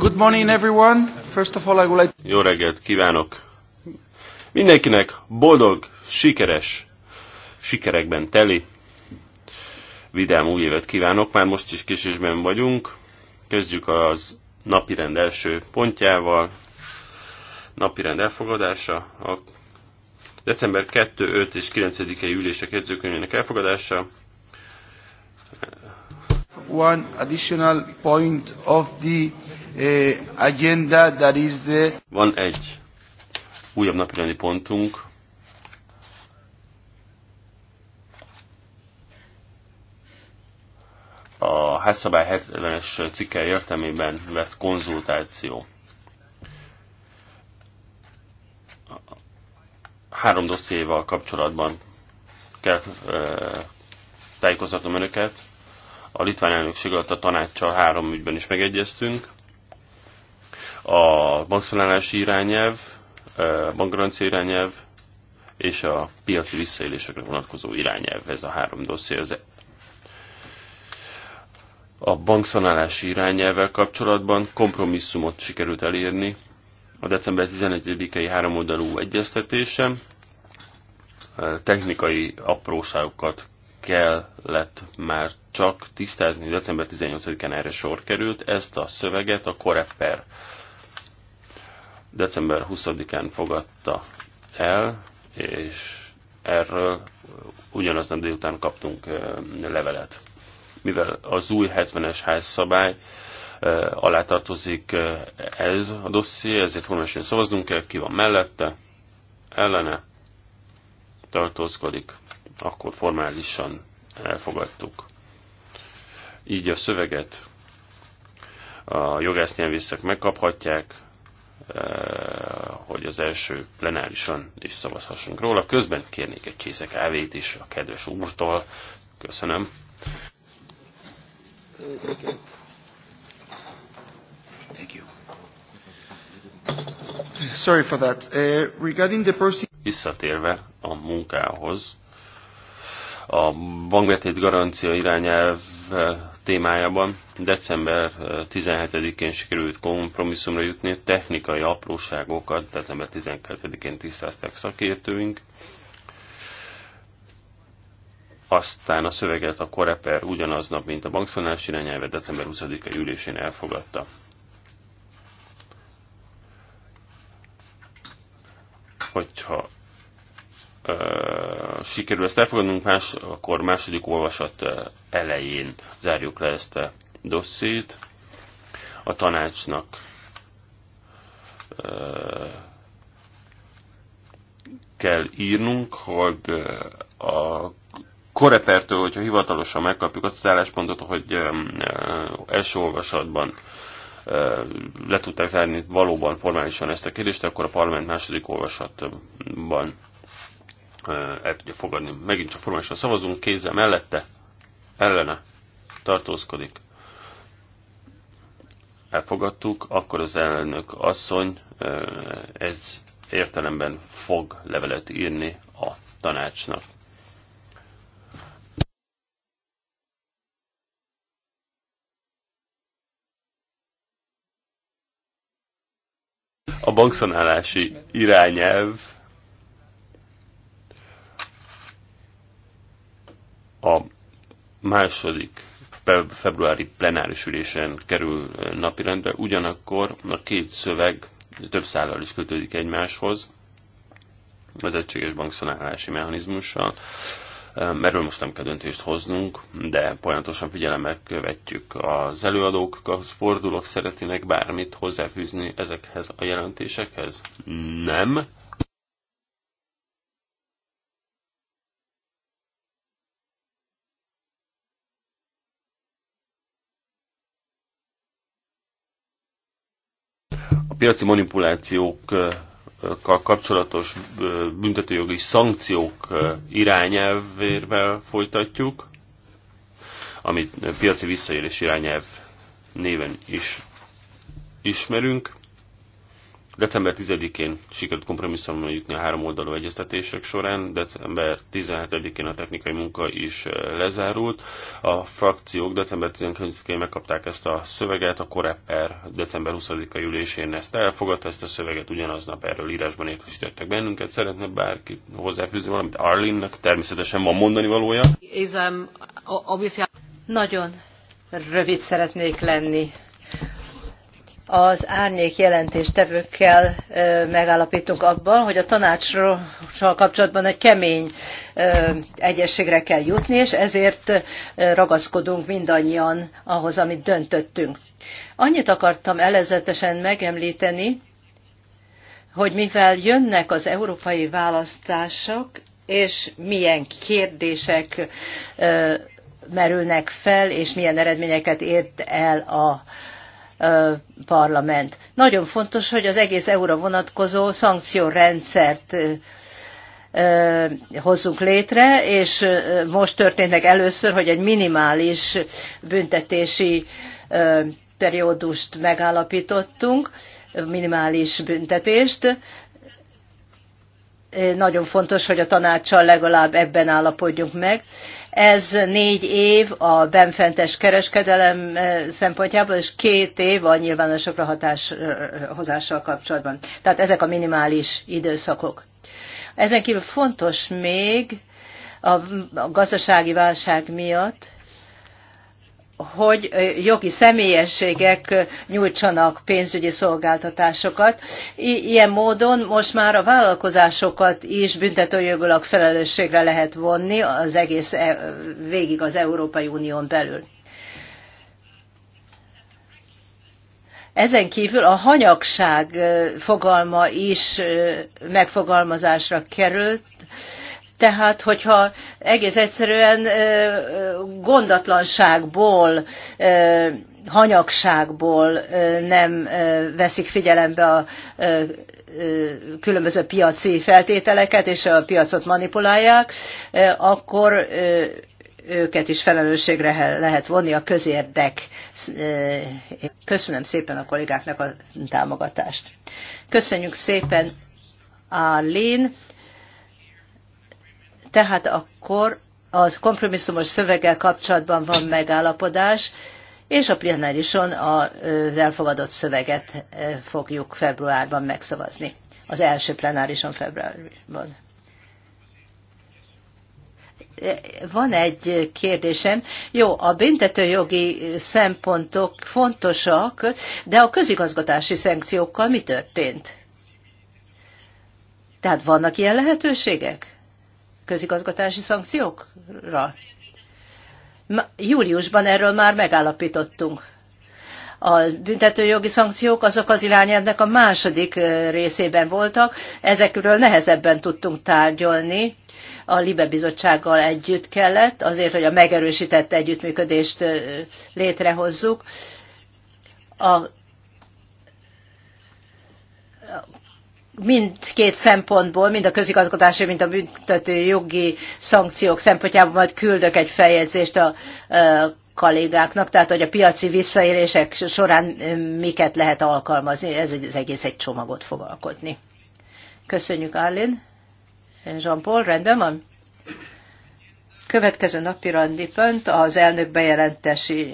Good morning everyone. First of all I would like... Jó reggelt kívánok! Mindenkinek boldog, sikeres, sikerekben teli, vidám új évet kívánok. Már most is késésben vagyunk. Kezdjük az napirend első pontjával. Napirend elfogadása. A december 2, 5 és 9-i ülések edzőkönyvének elfogadása. One additional point of the Eh, agenda that is the... Van egy újabb napirendi pontunk, a házszabály 70-es cikkel értelmében vett konzultáció. Három dossziéval kapcsolatban kell e, eh, tájékoztatnom önöket. A litván elnökség alatt a tanácsal három ügyben is megegyeztünk a bankszállási irányelv, bankgarancia irányelv és a piaci visszaélésekre vonatkozó irányelv, ez a három dosszé. Az a bankszanálási irányelvvel kapcsolatban kompromisszumot sikerült elérni a december 11-i háromoldalú egyeztetésem. Technikai apróságokat kellett már csak tisztázni, december 18-án erre sor került. Ezt a szöveget a Koreper december 20-án fogadta el, és erről nem délután kaptunk levelet. Mivel az új 70-es házszabály alá tartozik ez a dosszié, ezért formálisan szavaznunk kell, ki van mellette, ellene, tartózkodik, akkor formálisan elfogadtuk. Így a szöveget a jogásznyelvészek megkaphatják, Eh, hogy az első plenárison is szavazhassunk róla. Közben kérnék egy csésze kávét is a kedves úrtól. Köszönöm. Thank you. Sorry for that. Uh, regarding the Visszatérve a munkához, a bankbetét garancia irányelv témájában december 17-én sikerült kompromisszumra jutni, technikai apróságokat december 12-én tisztázták szakértőink. Aztán a szöveget a Koreper ugyanaznap, mint a bankszonás irányelve december 20-a ülésén elfogadta. Hogyha sikerül ezt elfogadnunk, más, akkor második olvasat elején zárjuk le ezt a dosszét. A tanácsnak kell írnunk, hogy a korepertől, hogyha hivatalosan megkapjuk azt az álláspontot, hogy első olvasatban le tudták zárni valóban formálisan ezt a kérdést, akkor a parlament második olvasatban el tudja fogadni. Megint csak formálisan szavazunk, kézzel mellette, ellene tartózkodik. Elfogadtuk, akkor az elnök asszony ez értelemben fog levelet írni a tanácsnak. A bankszanálási irányelv a második februári plenáris ülésen kerül napirendre, ugyanakkor a két szöveg több szállal is kötődik egymáshoz, az egységes bankszonálási mechanizmussal. Erről most nem kell döntést hoznunk, de folyamatosan figyelemmel követjük az a fordulók szeretnének bármit hozzáfűzni ezekhez a jelentésekhez? Nem. piaci manipulációkkal kapcsolatos büntetőjogi szankciók irányelvével folytatjuk, amit piaci visszaélés irányelv néven is ismerünk. December 10-én sikerült kompromisszumra jutni a három oldalú egyeztetések során, december 17-én a technikai munka is eh, lezárult. A frakciók december 19-én megkapták ezt a szöveget, a Koreper december 20-a ülésén ezt elfogadta, ezt a szöveget ugyanaznap erről írásban értesítettek bennünket. Szeretne bárki hozzáfűzni valamit? Arlinnak természetesen van mondani valója. Um, Nagyon rövid szeretnék lenni az árnyék jelentéstevőkkel megállapítunk abban, hogy a tanácsról kapcsolatban egy kemény egyességre kell jutni, és ezért ragaszkodunk mindannyian ahhoz, amit döntöttünk. Annyit akartam előzetesen megemlíteni, hogy mivel jönnek az európai választások, és milyen kérdések merülnek fel, és milyen eredményeket ért el a parlament. Nagyon fontos, hogy az egész eu vonatkozó szankciórendszert hozzunk létre, és most történt meg először, hogy egy minimális büntetési periódust megállapítottunk, minimális büntetést. Nagyon fontos, hogy a tanácssal legalább ebben állapodjunk meg, ez négy év a benfentes kereskedelem eh, szempontjából, és két év a nyilvánosokra hatáshozással eh, kapcsolatban. Tehát ezek a minimális időszakok. Ezen kívül fontos még a gazdasági válság miatt, hogy jogi személyességek nyújtsanak pénzügyi szolgáltatásokat. Ilyen módon most már a vállalkozásokat is büntetőjogulag felelősségre lehet vonni az egész e-, végig az Európai Unión belül. Ezen kívül a hanyagság fogalma is megfogalmazásra került tehát, hogyha egész egyszerűen gondatlanságból, hanyagságból nem veszik figyelembe a különböző piaci feltételeket, és a piacot manipulálják, akkor őket is felelősségre lehet vonni a közérdek. Köszönöm szépen a kollégáknak a támogatást. Köszönjük szépen, Arlene. Tehát akkor az kompromisszumos szöveggel kapcsolatban van megállapodás, és a plenárison az elfogadott szöveget e, fogjuk februárban megszavazni. Az első plenárison februárban. Van egy kérdésem. Jó, a büntetőjogi szempontok fontosak, de a közigazgatási szankciókkal mi történt? Tehát vannak ilyen lehetőségek? közigazgatási szankciókra? Júliusban erről már megállapítottunk. A büntetőjogi szankciók azok az irányelvnek a második részében voltak, ezekről nehezebben tudtunk tárgyalni. A Libe bizottsággal együtt kellett, azért, hogy a megerősített együttműködést létrehozzuk. A mindkét szempontból, mind a közigazgatási, mind a büntető jogi szankciók szempontjából majd küldök egy feljegyzést a kollégáknak, tehát hogy a piaci visszaélések során miket lehet alkalmazni, ez az egész egy csomagot fog alkotni. Köszönjük, Arlin. Jean-Paul, rendben van? Következő napi randi pont az elnök bejelentési.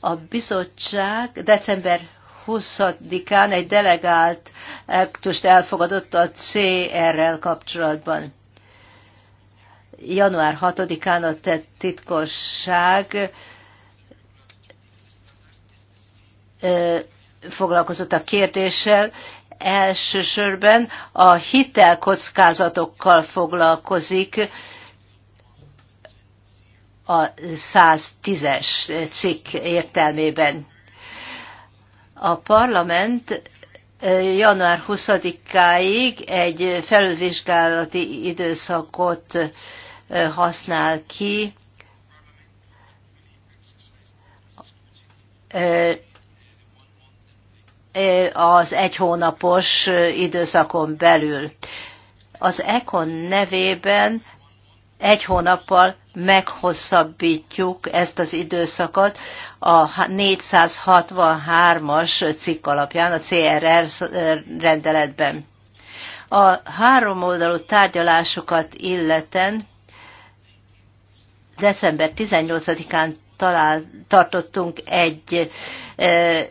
A bizottság december 20-án egy delegált aktust elfogadott a CR-rel kapcsolatban. Január 6-án a tett titkosság foglalkozott a kérdéssel, elsősorban a hitelkockázatokkal foglalkozik a 110-es cikk értelmében. A parlament január 20-áig egy felülvizsgálati időszakot használ ki, az egy hónapos időszakon belül. Az ECON nevében egy hónappal meghosszabbítjuk ezt az időszakot a 463-as cikk alapján a CRR rendeletben. A háromoldalú tárgyalásokat illeten december 18-án talál, tartottunk egy e,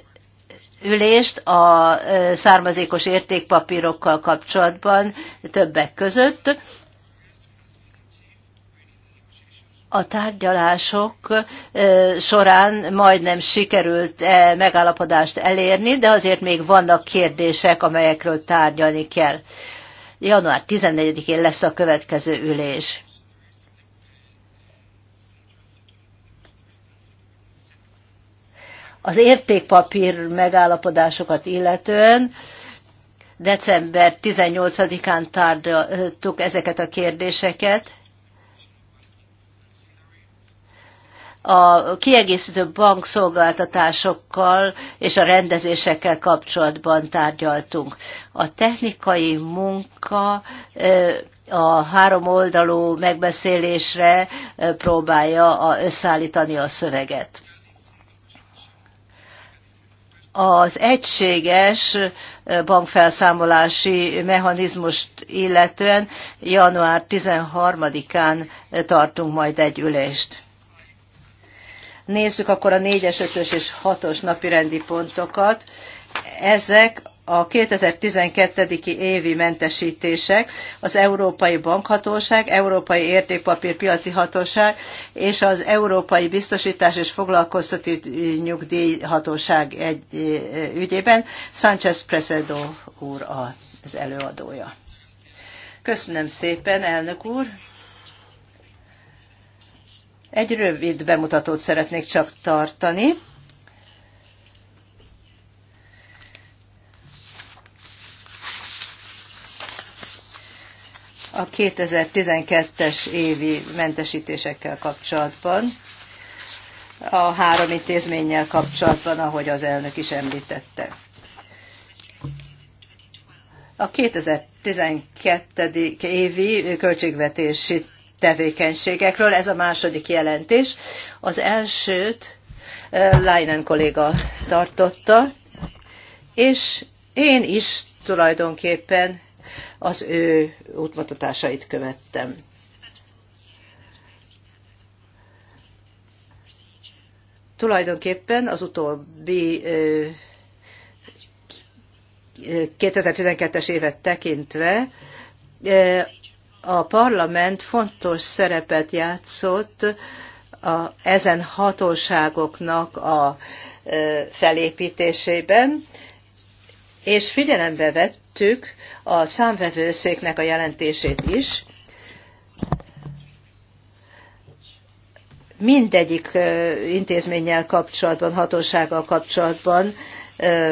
ülést a e, származékos értékpapírokkal kapcsolatban többek között, a tárgyalások során majdnem sikerült e, megállapodást elérni, de azért még vannak kérdések, amelyekről tárgyalni kell. Január 14-én lesz a következő ülés. Az értékpapír megállapodásokat illetően december 18-án tárgyaltuk ezeket a kérdéseket, a kiegészítő bankszolgáltatásokkal és a rendezésekkel kapcsolatban tárgyaltunk. A technikai munka a három oldalú megbeszélésre próbálja összeállítani a szöveget. Az egységes bankfelszámolási mechanizmust illetően január 13-án tartunk majd egy ülést nézzük akkor a 4-es, 5-ös és 6-os napirendi pontokat. Ezek a 2012. évi mentesítések az Európai Bankhatóság, Európai Értékpapírpiaci Hatóság és az Európai Biztosítás és Foglalkoztató Hatóság egy ügyében. Sánchez Presedo úr az előadója. Köszönöm szépen, elnök úr! Egy rövid bemutatót szeretnék csak tartani. a 2012-es évi mentesítésekkel kapcsolatban, a három intézménnyel kapcsolatban, ahogy az elnök is említette. A 2012. évi költségvetési tevékenységekről. Ez a második jelentés. Az elsőt eh, Leinen kolléga tartotta, és én is tulajdonképpen az ő útmutatásait követtem. Tulajdonképpen az utóbbi 2012-es eh, eh, évet tekintve a parlament fontos szerepet játszott a, ezen hatóságoknak a felépítésében, és figyelembe vettük a számvevőszéknek a jelentését is. Mindegyik intézménnyel kapcsolatban, hatósággal kapcsolatban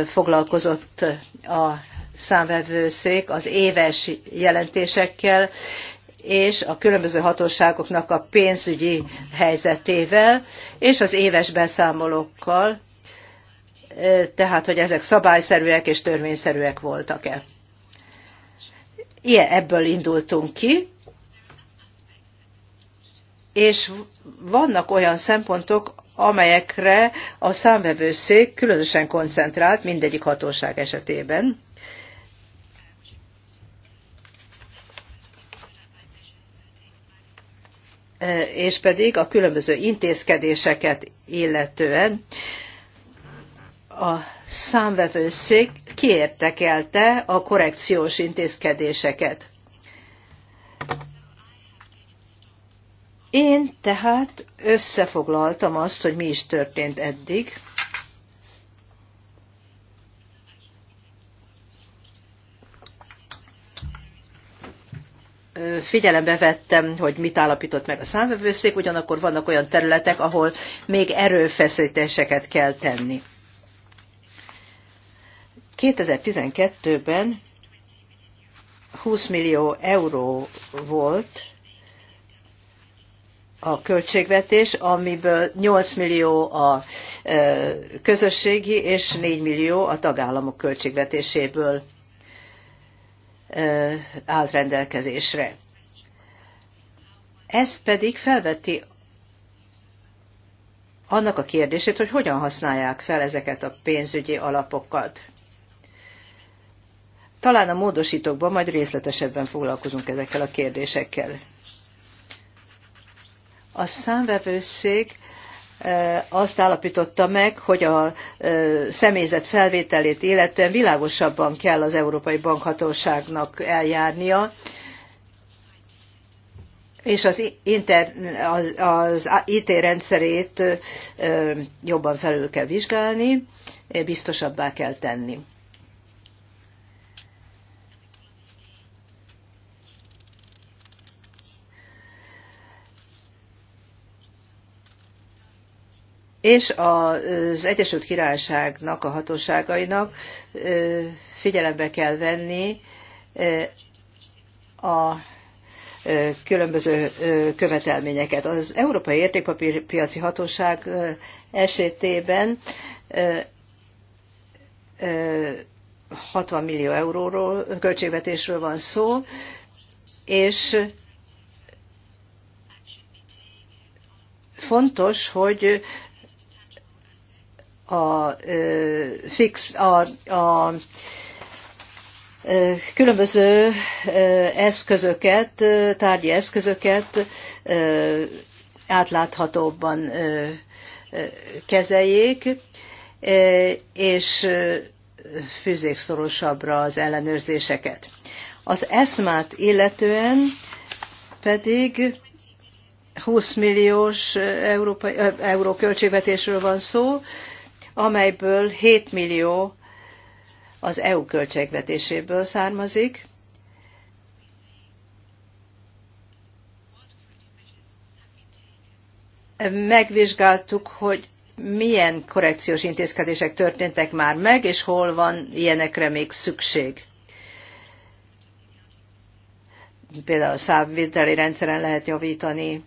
foglalkozott a számvevőszék az éves jelentésekkel és a különböző hatóságoknak a pénzügyi helyzetével, és az éves beszámolókkal, tehát hogy ezek szabályszerűek és törvényszerűek voltak-e. Ilyen ebből indultunk ki, és vannak olyan szempontok, amelyekre a számvevőszék különösen koncentrált mindegyik hatóság esetében Eh, és pedig a különböző intézkedéseket illetően a számvevőszék kiértekelte a korrekciós intézkedéseket. Én tehát összefoglaltam azt, hogy mi is történt eddig, figyelembe vettem, hogy mit állapított meg a számvevőszék, ugyanakkor vannak olyan területek, ahol még erőfeszítéseket kell tenni. 2012-ben 20 millió euró volt a költségvetés, amiből 8 millió a közösségi és 4 millió a tagállamok költségvetéséből állt rendelkezésre. Ez pedig felveti annak a kérdését, hogy hogyan használják fel ezeket a pénzügyi alapokat. Talán a módosítókban majd részletesebben foglalkozunk ezekkel a kérdésekkel. A számvevőszék azt állapította meg, hogy a személyzet felvételét illetően világosabban kell az Európai Bankhatóságnak eljárnia, és az, inter, az, az IT rendszerét jobban felül kell vizsgálni, biztosabbá kell tenni. és az Egyesült Királyságnak, a hatóságainak figyelembe kell venni a különböző követelményeket. Az Európai Értékpapírpiaci Hatóság esetében 60 millió euróról költségvetésről van szó, és fontos, hogy a, fix, a, a különböző eszközöket, tárgyi eszközöket átláthatóbban kezeljék, és fűzzék szorosabbra az ellenőrzéseket. Az eszmát illetően pedig 20 milliós európai, euró költségvetésről van szó, amelyből 7 millió az EU költségvetéséből származik, megvizsgáltuk, hogy milyen korrekciós intézkedések történtek már meg, és hol van ilyenekre még szükség. Például a szávvételi rendszeren lehet javítani,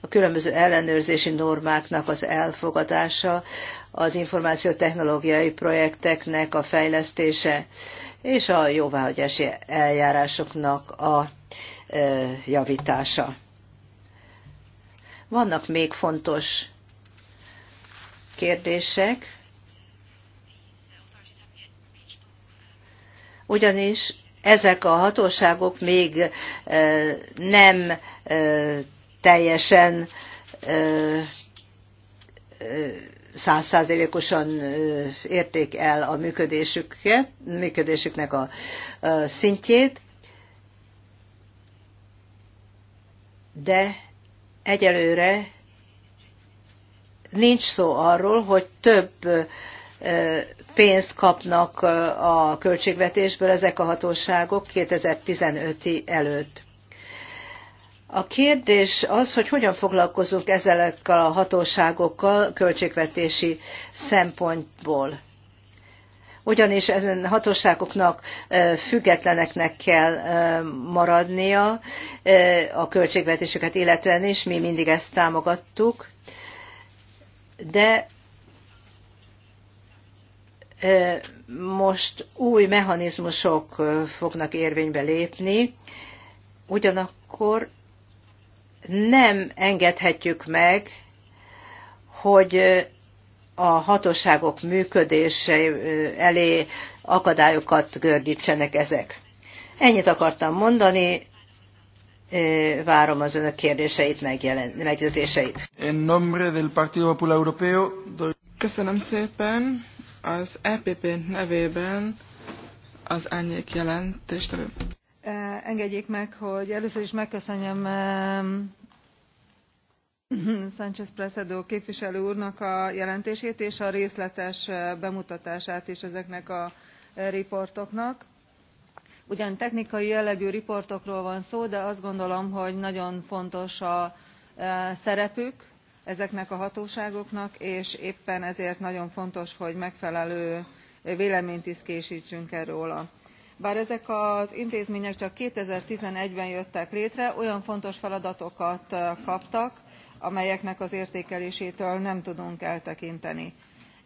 a különböző ellenőrzési normáknak az elfogadása, az információtechnológiai projekteknek a fejlesztése és a jóváhagyási eljárásoknak a javítása. Vannak még fontos kérdések, ugyanis ezek a hatóságok még nem teljesen százszázalékosan érték el a működésüket, működésüknek a szintjét, de egyelőre nincs szó arról, hogy több pénzt kapnak a költségvetésből ezek a hatóságok 2015 előtt. A kérdés az, hogy hogyan foglalkozunk ezekkel a hatóságokkal költségvetési szempontból. Ugyanis ezen hatóságoknak függetleneknek kell maradnia a költségvetésüket illetően is, mi mindig ezt támogattuk, de most új mechanizmusok fognak érvénybe lépni, ugyanakkor nem engedhetjük meg, hogy a hatóságok működése elé akadályokat gördítsenek ezek. Ennyit akartam mondani, várom az önök kérdéseit, megjelentéseit. Köszönöm szépen. Az EPP nevében az ennyi jelentést engedjék meg hogy először is megköszönjem sánchez presedo képviselő úrnak a jelentését és a részletes bemutatását is ezeknek a riportoknak. ugyan technikai jellegű riportokról van szó de azt gondolom hogy nagyon fontos a szerepük ezeknek a hatóságoknak és éppen ezért nagyon fontos hogy megfelelő véleményt is késztsünk el róla bár ezek az intézmények csak two thousand and eleven ben jöttek létre olyan fontos feladatokat kaptak amelyeknek az értékelésétől nem tudunk eltekinteni.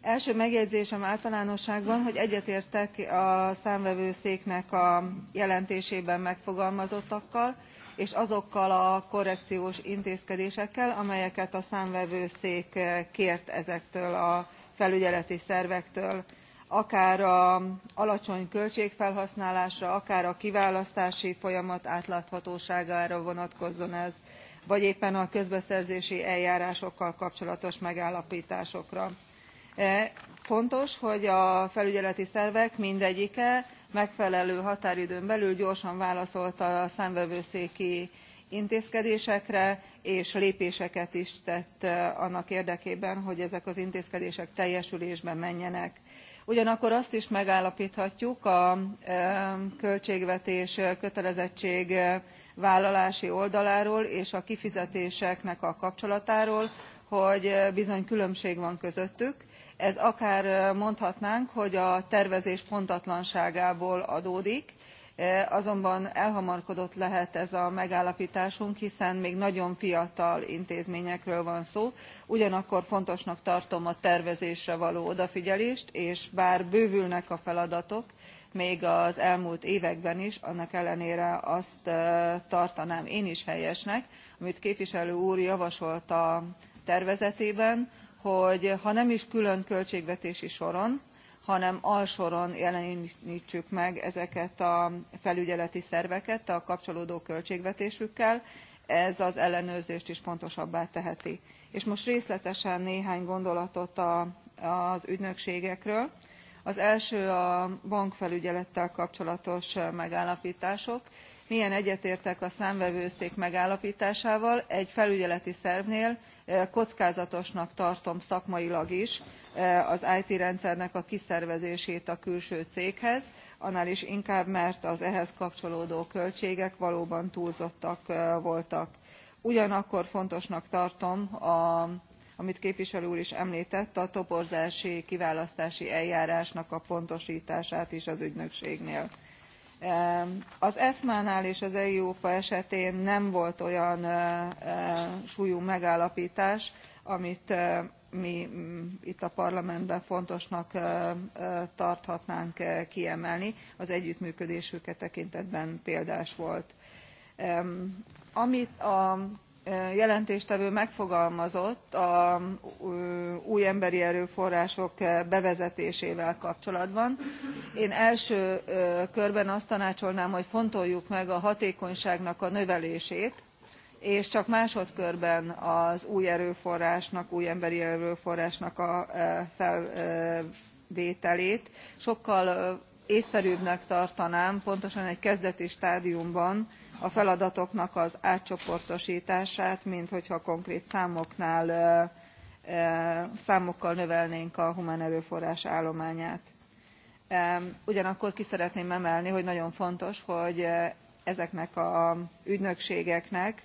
első megjegyzésem általánosságban hogy egyetértek a számvevőszéknek a jelentésében megfogalmazottakkal és azokkal a korrekciós intézkedésekkel amelyeket a számvevőszék kért ezektől a felügyeleti szervektől akár az alacsony költségfelhasználásra akár a kiválasztási folyamat átláthatóságára vonatkozzon ez vagy éppen a közbeszerzési eljárásokkal kapcsolatos megállaptásokra. E, fontos hogy a felügyeleti szervek mindegyike megfelelő határidőn belül gyorsan válaszolt a számvevőszéki intézkedésekre és lépéseket is tett annak érdekében hogy ezek az intézkedések teljesülésbe menjenek. ugyanakkor azt is megállapthatjuk a költségvetés kötelezettségvállalási oldaláról és a kifizetéseknek a kapcsolatáról hogy bizony különbség van közöttük ez akár mondhatnánk hogy a tervezés pontatlanságából adódik E, azonban elhamarkodott lehet ez a megállaptásunk hiszen még nagyon fiatal intézményekről van szó ugyanakkor fontosnak tartom a tervezésre való odafigyelést és bár bővülnek a feladatok még az elmúlt években is annak ellenére azt e, tartanám én is helyesnek amit képviselő úr javasolt a tervezetében hogy ha nem is külön költségvetési soron hanem alsoron jelentsük meg ezeket a felügyeleti szerveket a kapcsolódó költségvetésükkel ez az ellenőrzést is pontosabbá teheti. és most részletesen néhány gondolatot a, az ügynökségekről. az első a bankfelügyelettel kapcsolatos megállaptások. mélyen egyetértek a számvevőszék megállaptásával egy felügyeleti szervnél eh, kockázatosnak tartom szakmailag is az it rendszernek a kiszervezését a külső céghez annál is inkább mert az ehhez kapcsolódó költségek valóban túlzottak voltak. ugyanakkor fontosnak tartom amit képviselő úr is emltett a toborzási kiválasztási eljárásnak a pontostását is az ügynökségnél az esma nál és az eiopa esetén nem volt olyan súlyú megállaptás amit mi mm, itt a parlamentben fontosnak tarthatnánk kiemelni az együttműködésük e tekintetben példás volt. amit a jelentéstevő megfogalmazott az új emberi erőforrások bevezetésével kapcsolatban én első körben azt tanácsolnám hogy fontoljuk meg a hatékonyságnak a növelését és csak másodkörben az új erőforrásnak új emberi erőforrásnak a e, felvételét e, sokkal ésszerűbbnek tartanám pontosan egy kezdeti stádiumban a feladatoknak az átcsoportostását mint hogyha konkrét számoknál e, számokkal növelnénk a humán erőforrás állományát. ugyanakkor ki szeretném emelni hogy nagyon fontos hogy ezeknek az ügynökségeknek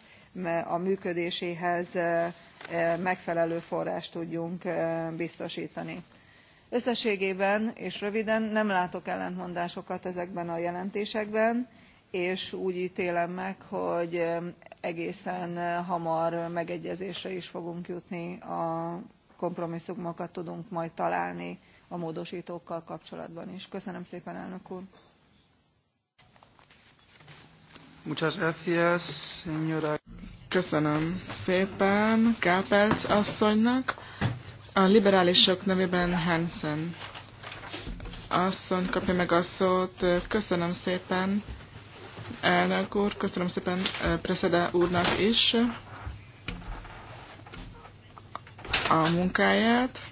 a működéséhez megfelelő forrást tudjunk biztostani. összességében és röviden nem látok ellentmondásokat ezekben a jelentésekben és úgy télem meg hogy egészen hamar megegyezésre is fogunk jutni a kompromisszumokat tudunk majd találni a módostókkal kapcsolatban is. köszönöm szépen elnök úr! Muchas gracias, señora. Köszönöm szépen Kápelc asszonynak. A liberálisok nevében Hansen asszony kapja meg a szót. Köszönöm szépen, elnök úr, köszönöm szépen eh, Preszede úrnak is a munkáját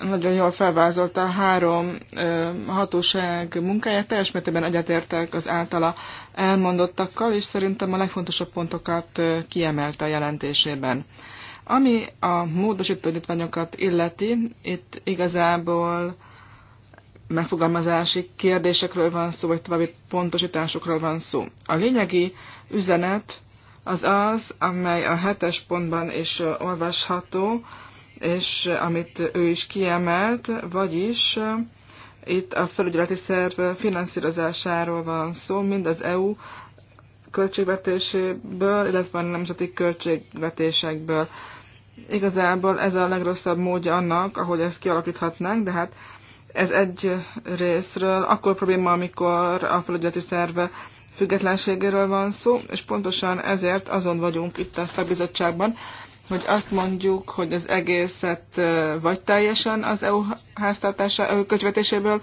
nagyon jól felvázolta a három hatóság munkáját, teljes mértékben egyetértek az általa elmondottakkal, és szerintem a legfontosabb pontokat kiemelte a jelentésében. Ami a módosító nyitványokat illeti, itt igazából megfogalmazási kérdésekről van szó, vagy további pontosításokról van szó. A lényegi üzenet az az, amely a hetes pontban is olvasható, és amit ő is kiemelt, vagyis eh, itt a felügyeleti szerv finanszírozásáról van szó, mind az EU költségvetéséből, illetve a nemzeti költségvetésekből. Igazából ez a legrosszabb módja annak, ahogy ezt kialakíthatnánk, de hát ez egy részről akkor probléma, amikor a felügyeleti szerve függetlenségéről van szó, és pontosan ezért azon vagyunk itt a szakbizottságban, hogy azt mondjuk, hogy az egészet vagy teljesen az EU háztartása EU kötvetéséből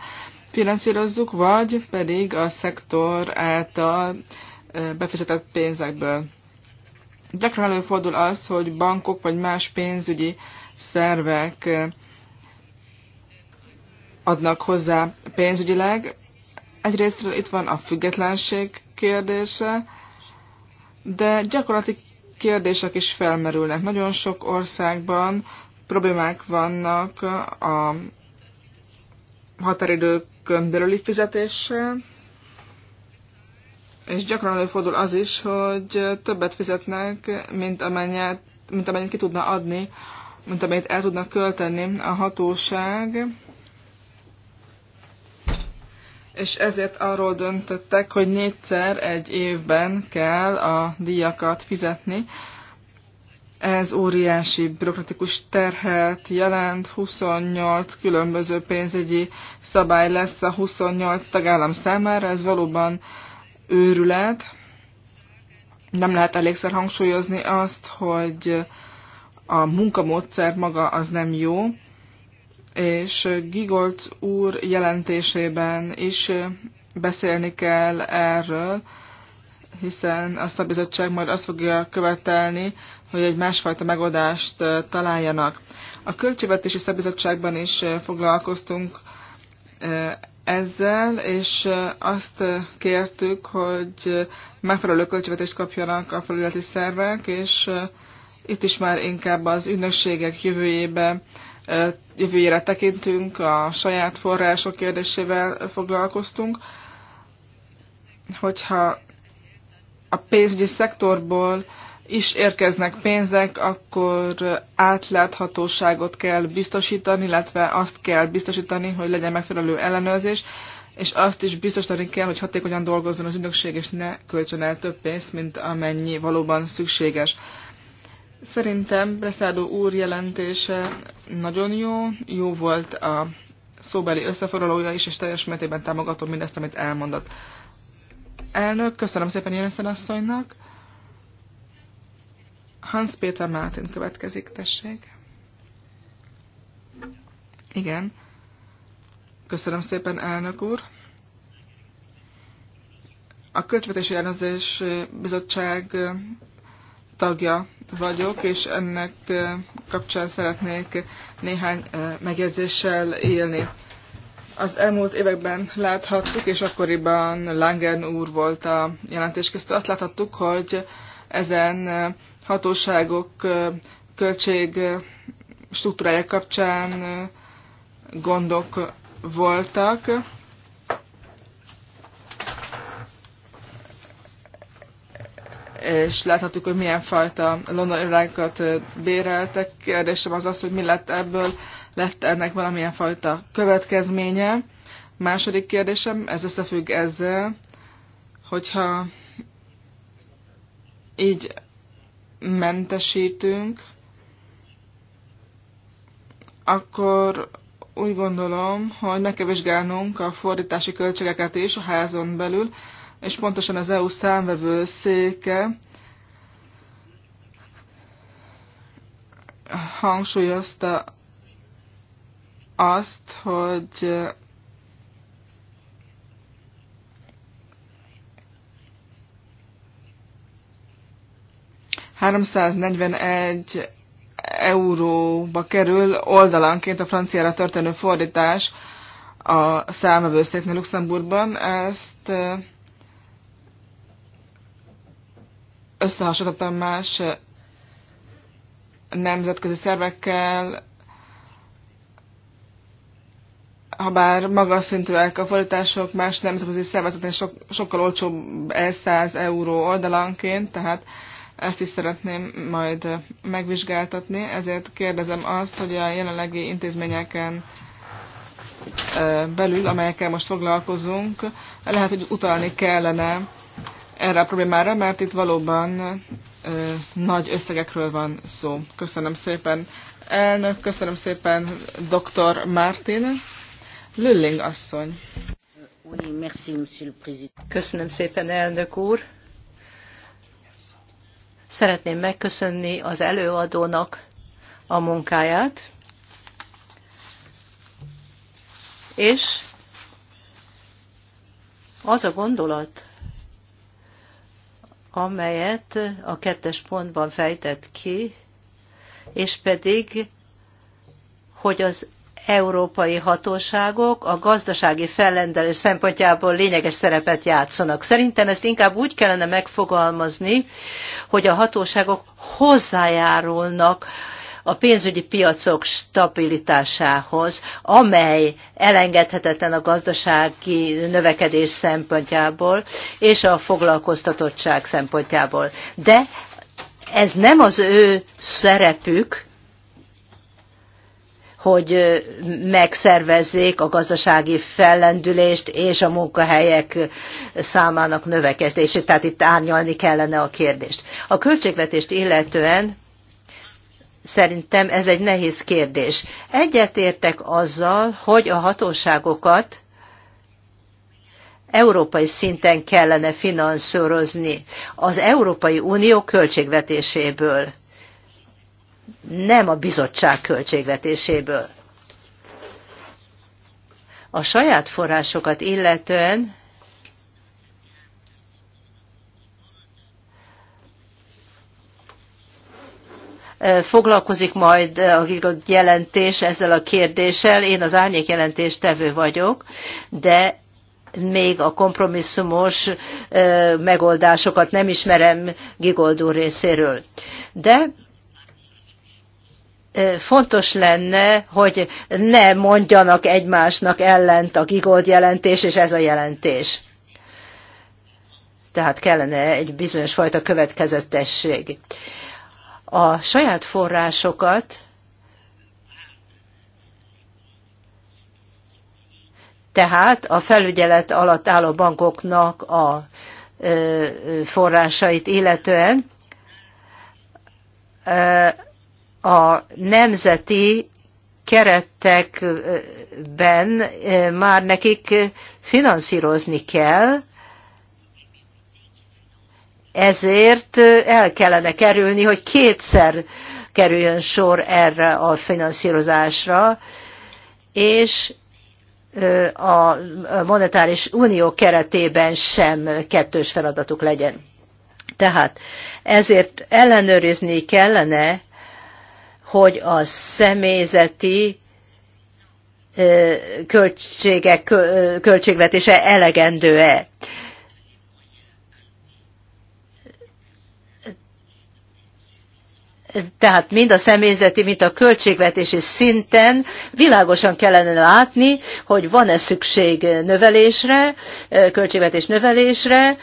finanszírozzuk, vagy pedig a szektor által befizetett pénzekből. Gyakran előfordul az, hogy bankok vagy más pénzügyi szervek adnak hozzá pénzügyileg. Egyrészt itt van a függetlenség kérdése, de gyakorlati kérdések is felmerülnek. Nagyon sok országban problémák vannak a határidőkön belüli fizetéssel, és gyakran előfordul az is, hogy többet fizetnek, mint amennyit, mint amennyit ki tudna adni, mint amennyit el tudna költeni a hatóság, és ezért arról döntöttek, hogy négyszer egy évben kell a díjakat fizetni. Ez óriási bürokratikus terhet jelent, 28 különböző pénzügyi szabály lesz a 28 tagállam számára, ez valóban őrület. Nem lehet elégszer hangsúlyozni azt, hogy a munkamódszer maga az nem jó, és Gigolc úr jelentésében is beszélni kell erről, hiszen a szabizottság majd azt fogja követelni, hogy egy másfajta megoldást találjanak. A Költségvetési Szabizottságban is foglalkoztunk ezzel, és azt kértük, hogy megfelelő költségvetést kapjanak a felületi szervek, és itt is már inkább az ügynökségek jövőjébe jövőjére tekintünk, a saját források kérdésével foglalkoztunk. Hogyha a pénzügyi szektorból is érkeznek pénzek, akkor átláthatóságot kell biztosítani, illetve azt kell biztosítani, hogy legyen megfelelő ellenőrzés, és azt is biztosítani kell, hogy hatékonyan dolgozzon az ügynökség, és ne költsön el több pénzt, mint amennyi valóban szükséges. Szerintem Beszádó úr jelentése nagyon jó, jó volt a szóbeli összefoglalója is, és teljes mértékben támogatom mindezt, amit elmondott. Elnök, köszönöm szépen Jelenszen asszonynak. Hans Péter Mátén következik, tessék. Igen. Köszönöm szépen, elnök úr. A Költségvetési Ellenzés Bizottság tagja vagyok, és ennek kapcsán szeretnék néhány megjegyzéssel élni. Az elmúlt években láthattuk, és akkoriban Langen úr volt a jelentéskészítő, azt láthattuk, hogy ezen hatóságok költség struktúrája kapcsán gondok voltak, és láthatjuk, hogy milyen fajta londoni irodákat béreltek. Kérdésem az az, hogy mi lett ebből, lett ennek valamilyen fajta következménye. Második kérdésem, ez összefügg ezzel, hogyha így mentesítünk, akkor úgy gondolom, hogy ne kell vizsgálnunk a fordítási költségeket is a házon belül, és pontosan az EU számvevő széke hangsúlyozta azt, hogy ...341 euróba kerül oldalanként a franciára történő fordítás a számvevőszéknél Luxemburgban. Ezt összehasonlítottam más nemzetközi szervekkel, ha bár magas szintűek a fordítások, más nemzetközi szervezetnél so- sokkal olcsóbb 100 euró oldalanként, tehát ezt is szeretném majd megvizsgáltatni, ezért kérdezem azt, hogy a jelenlegi intézményeken belül, amelyekkel most foglalkozunk, lehet, hogy utalni kellene erre a problémára, mert itt valóban ö, nagy összegekről van szó. Köszönöm szépen, elnök, köszönöm szépen, dr. Martin. Lülling asszony. Köszönöm szépen, elnök úr. Szeretném megköszönni az előadónak a munkáját, és az a gondolat, amelyet a kettes pontban fejtett ki, és pedig, hogy az európai hatóságok a gazdasági fellendelés szempontjából lényeges szerepet játszanak. Szerintem ezt inkább úgy kellene megfogalmazni, hogy a hatóságok hozzájárulnak a pénzügyi piacok stabilitásához, amely elengedhetetlen a gazdasági növekedés szempontjából és a foglalkoztatottság szempontjából. De ez nem az ő szerepük, hogy megszervezzék a gazdasági fellendülést és a munkahelyek számának növekedését. Tehát itt árnyalni kellene a kérdést. A költségvetést illetően Szerintem ez egy nehéz kérdés. Egyetértek azzal, hogy a hatóságokat európai szinten kellene finanszírozni az Európai Unió költségvetéséből, nem a bizottság költségvetéséből. A saját forrásokat illetően foglalkozik majd a jelentés ezzel a kérdéssel. Én az árnyék jelentés tevő vagyok, de még a kompromisszumos megoldásokat nem ismerem Gigoldó részéről. De fontos lenne, hogy ne mondjanak egymásnak ellent a Gigold jelentés és ez a jelentés. Tehát kellene egy bizonyos fajta következetesség a saját forrásokat, tehát a felügyelet alatt álló bankoknak a forrásait illetően a nemzeti keretekben már nekik finanszírozni kell, ezért el kellene kerülni, hogy kétszer kerüljön sor erre a finanszírozásra, és a monetáris unió keretében sem kettős feladatuk legyen. Tehát ezért ellenőrizni kellene, hogy a személyzeti költségek, költségvetése elegendő-e. tehát mind a személyzeti, mind a költségvetési szinten világosan kellene látni, hogy van-e szükség növelésre, költségvetés növelésre,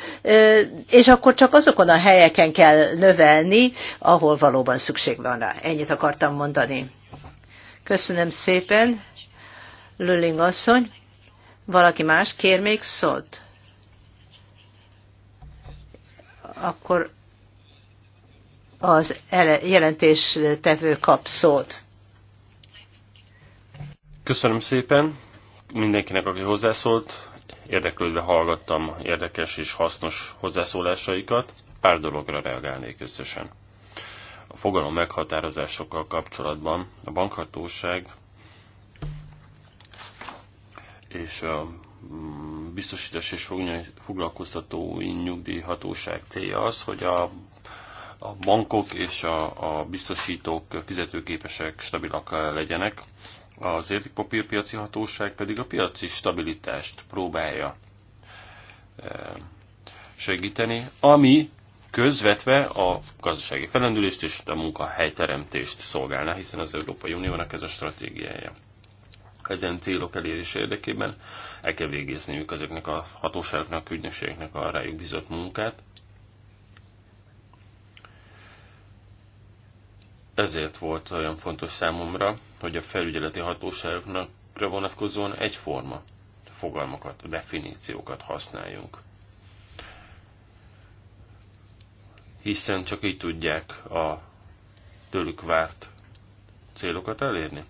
és akkor csak azokon a helyeken kell növelni, ahol valóban szükség van rá. Ennyit akartam mondani. Köszönöm szépen, Lülling asszony. Valaki más kér még szót? Akkor az jelentéstevő kap szót. Köszönöm szépen mindenkinek, aki hozzászólt. Érdeklődve hallgattam érdekes és hasznos hozzászólásaikat. Pár dologra reagálnék összesen. A fogalom meghatározásokkal kapcsolatban a bankhatóság és a biztosítás és foglalkoztatói nyugdíjhatóság célja az, hogy a a bankok és a, a biztosítók fizetőképesek, stabilak legyenek. Az értékpapírpiaci hatóság pedig a piaci stabilitást próbálja e, segíteni, ami közvetve a gazdasági felendülést és a munkahelyteremtést szolgálná, hiszen az Európai Uniónak ez a stratégiája. Ezen célok elérése érdekében el kell végezniük ezeknek a hatóságnak, ügynökségeknek a rájuk bizott munkát, Ezért volt olyan fontos számomra, hogy a felügyeleti hatóságoknak vonatkozóan egyforma fogalmakat, definíciókat használjunk. Hiszen csak így tudják a tőlük várt célokat elérni.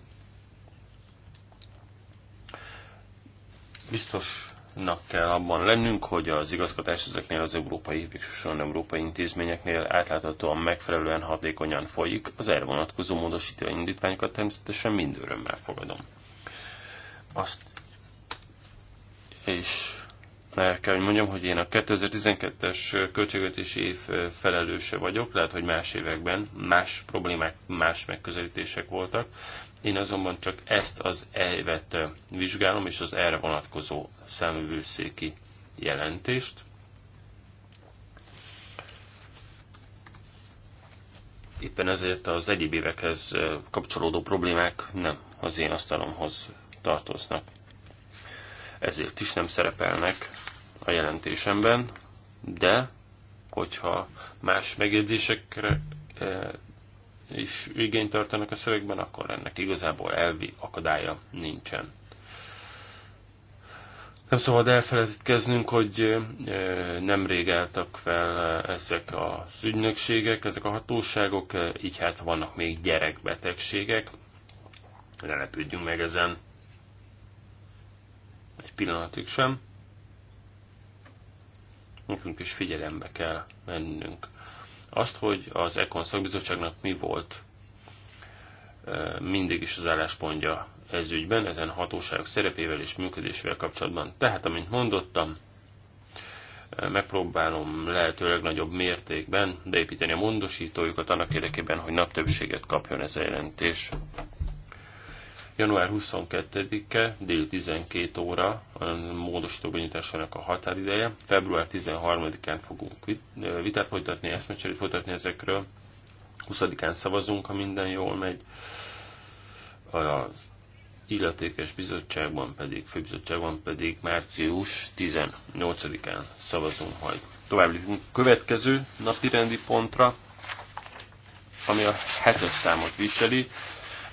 Biztos nak kell abban lennünk, hogy az igazgatás ezeknél az európai, végsősorban európai intézményeknél átláthatóan megfelelően hatékonyan folyik, az erre vonatkozó módosító indítványokat természetesen mind örömmel fogadom. Azt és el kell, hogy mondjam, hogy én a 2012-es költségvetési év felelőse vagyok, lehet, hogy más években más problémák, más megközelítések voltak, én azonban csak ezt az elvet vizsgálom, és az erre vonatkozó számvőszéki jelentést. Éppen ezért az egyéb évekhez kapcsolódó problémák nem az én asztalomhoz tartoznak. Ezért is nem szerepelnek a jelentésemben, de hogyha más megjegyzésekre is igényt tartanak a szövegben, akkor ennek igazából elvi akadálya nincsen. Nem szabad elfeledkeznünk, hogy nem álltak fel ezek az ügynökségek, ezek a hatóságok, így hát vannak még gyerekbetegségek. Ne lepődjünk meg ezen egy pillanatig sem. Nekünk is figyelembe kell mennünk azt, hogy az ECON szakbizottságnak mi volt mindig is az álláspontja ez ügyben, ezen hatóságok szerepével és működésével kapcsolatban. Tehát, amint mondottam, megpróbálom lehetőleg nagyobb mértékben beépíteni a mondosítójukat annak érdekében, hogy nap többséget kapjon ez a jelentés. Január 22-e dél 12 óra a módosítók benyújtásának a határideje. Február 13-án fogunk vitát folytatni, eszmecserét folytatni ezekről. 20-án szavazunk, ha minden jól megy. Az illetékes bizottságban pedig, főbizottságban pedig március 18-án szavazunk majd. Tovább lépünk következő napi rendi pontra, ami a hetes számot viseli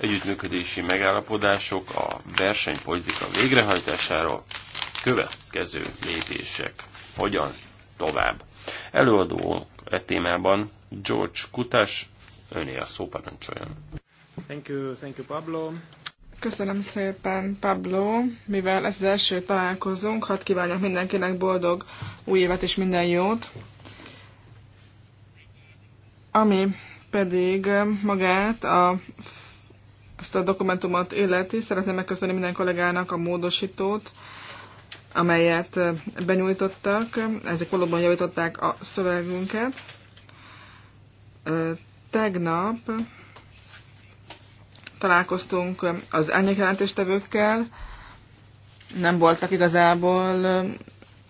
együttműködési megállapodások a versenypolitika végrehajtásáról, következő lépések. Hogyan tovább? Előadó e témában George Kutas, öné a szó parancsoljon. Thank you, thank you, Pablo. Köszönöm szépen, Pablo. Mivel ez az első találkozunk, hadd kívánjak mindenkinek boldog új évet és minden jót. Ami pedig magát a ezt a dokumentumot illeti. Szeretném megköszönni minden kollégának a módosítót, amelyet benyújtottak. Ezek valóban javították a szövegünket. Tegnap találkoztunk az elnyékjelentéstevőkkel. Nem voltak igazából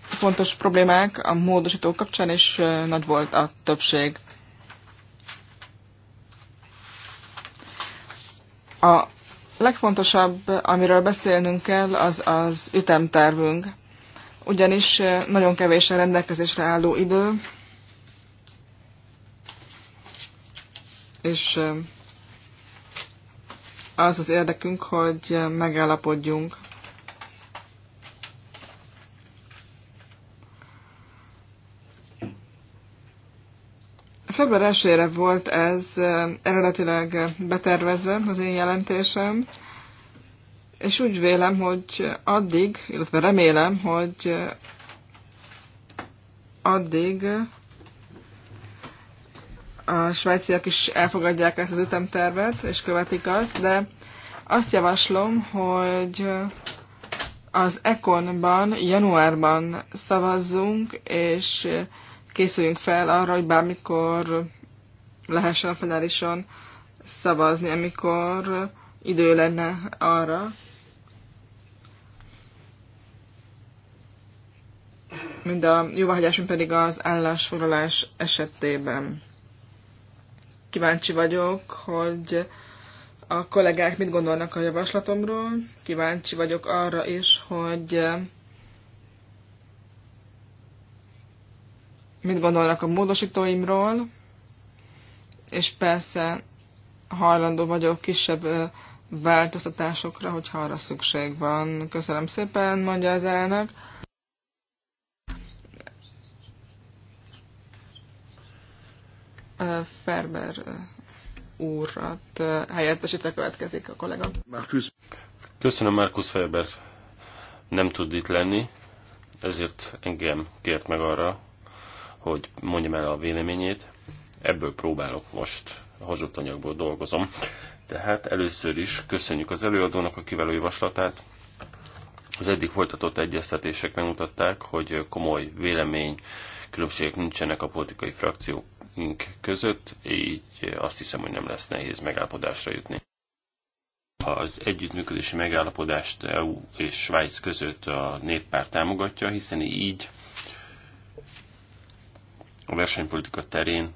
fontos problémák a módosítók kapcsán, és nagy volt a többség. A legfontosabb, amiről beszélnünk kell, az az ütemtervünk. Ugyanis eh, nagyon kevés a rendelkezésre álló idő, és eh, az az érdekünk, hogy eh, megállapodjunk. Február 1 volt ez eredetileg betervezve az én jelentésem, és úgy vélem, hogy addig, illetve remélem, hogy addig a svájciak is elfogadják ezt az ütemtervet, és követik azt, de azt javaslom, hogy az Econban januárban szavazzunk, és készüljünk fel arra, hogy bármikor lehessen a plenárison szavazni, amikor idő lenne arra. Mind a jóváhagyásunk pedig az állásfoglalás esetében. Kíváncsi vagyok, hogy a kollégák mit gondolnak a javaslatomról. Kíváncsi vagyok arra is, hogy mit gondolnak a módosítóimról, és persze hajlandó vagyok kisebb változtatásokra, hogyha arra szükség van. Köszönöm szépen, mondja az elnök. Ferber úrat helyettesítve következik a kollega. Markus. Köszönöm, Markus Ferber nem tud itt lenni, ezért engem kért meg arra, hogy mondjam el a véleményét. Ebből próbálok most, a hozott anyagból dolgozom. Tehát először is köszönjük az előadónak a kiváló javaslatát. Az eddig folytatott egyeztetések megmutatták, hogy komoly vélemény különbségek nincsenek a politikai frakcióink között, így azt hiszem, hogy nem lesz nehéz megállapodásra jutni az együttműködési megállapodást EU és Svájc között a néppár támogatja, hiszen így a versenypolitika terén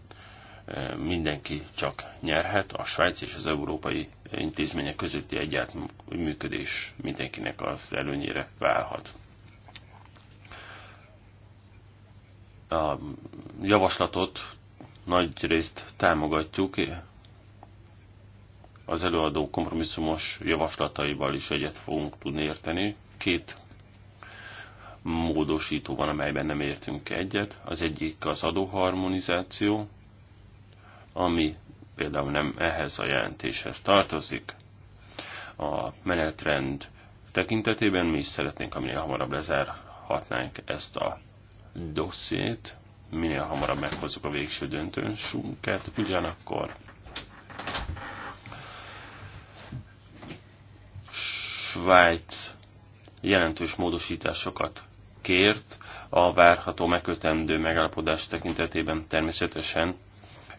eh, mindenki csak nyerhet, a Svájc és az európai intézmények közötti együttműködés mindenkinek az előnyére válhat. A javaslatot nagy részt támogatjuk, az előadó kompromisszumos javaslataival is egyet fogunk tudni érteni. Két módosító van, amelyben nem értünk egyet. Az egyik az adóharmonizáció, ami például nem ehhez a jelentéshez tartozik. A menetrend tekintetében mi is szeretnénk, aminél hamarabb lezárhatnánk ezt a dossziét, minél hamarabb meghozzuk a végső döntősünket, ugyanakkor Svájc jelentős módosításokat kért a várható megkötendő megállapodás tekintetében természetesen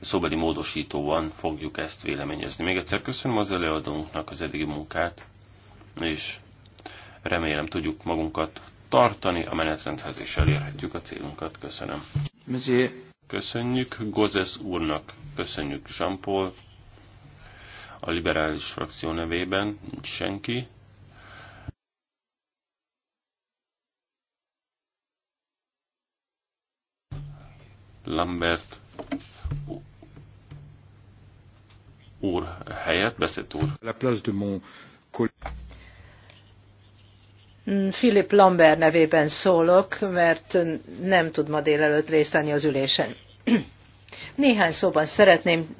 szóbeli módosítóan fogjuk ezt véleményezni. Még egyszer köszönöm az előadónknak az eddigi munkát, és remélem tudjuk magunkat tartani a menetrendhez, és elérhetjük a célunkat. Köszönöm. Köszönjük Gozes úrnak, köszönjük jean -Paul. A liberális frakció nevében nincs senki. Lambert úr helyett, beszélt úr. La place de mon mm, Philip Lambert nevében szólok, mert nem tud ma délelőtt részt venni az ülésen. Néhány szóban szeretném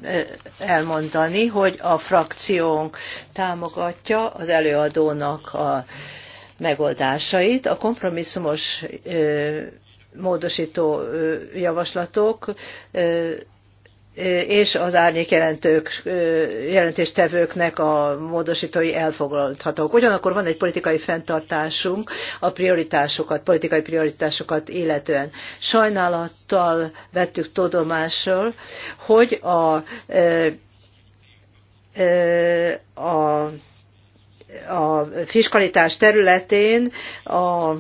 elmondani, hogy a frakciónk támogatja az előadónak a megoldásait. A kompromisszumos módosító javaslatok, és az árnyék jelentők, jelentéstevőknek a módosítói elfoglalhatók. Ugyanakkor van egy politikai fenntartásunk a prioritásokat, politikai prioritásokat illetően. Sajnálattal vettük tudomásról, hogy a, a, a fiskalitás területén a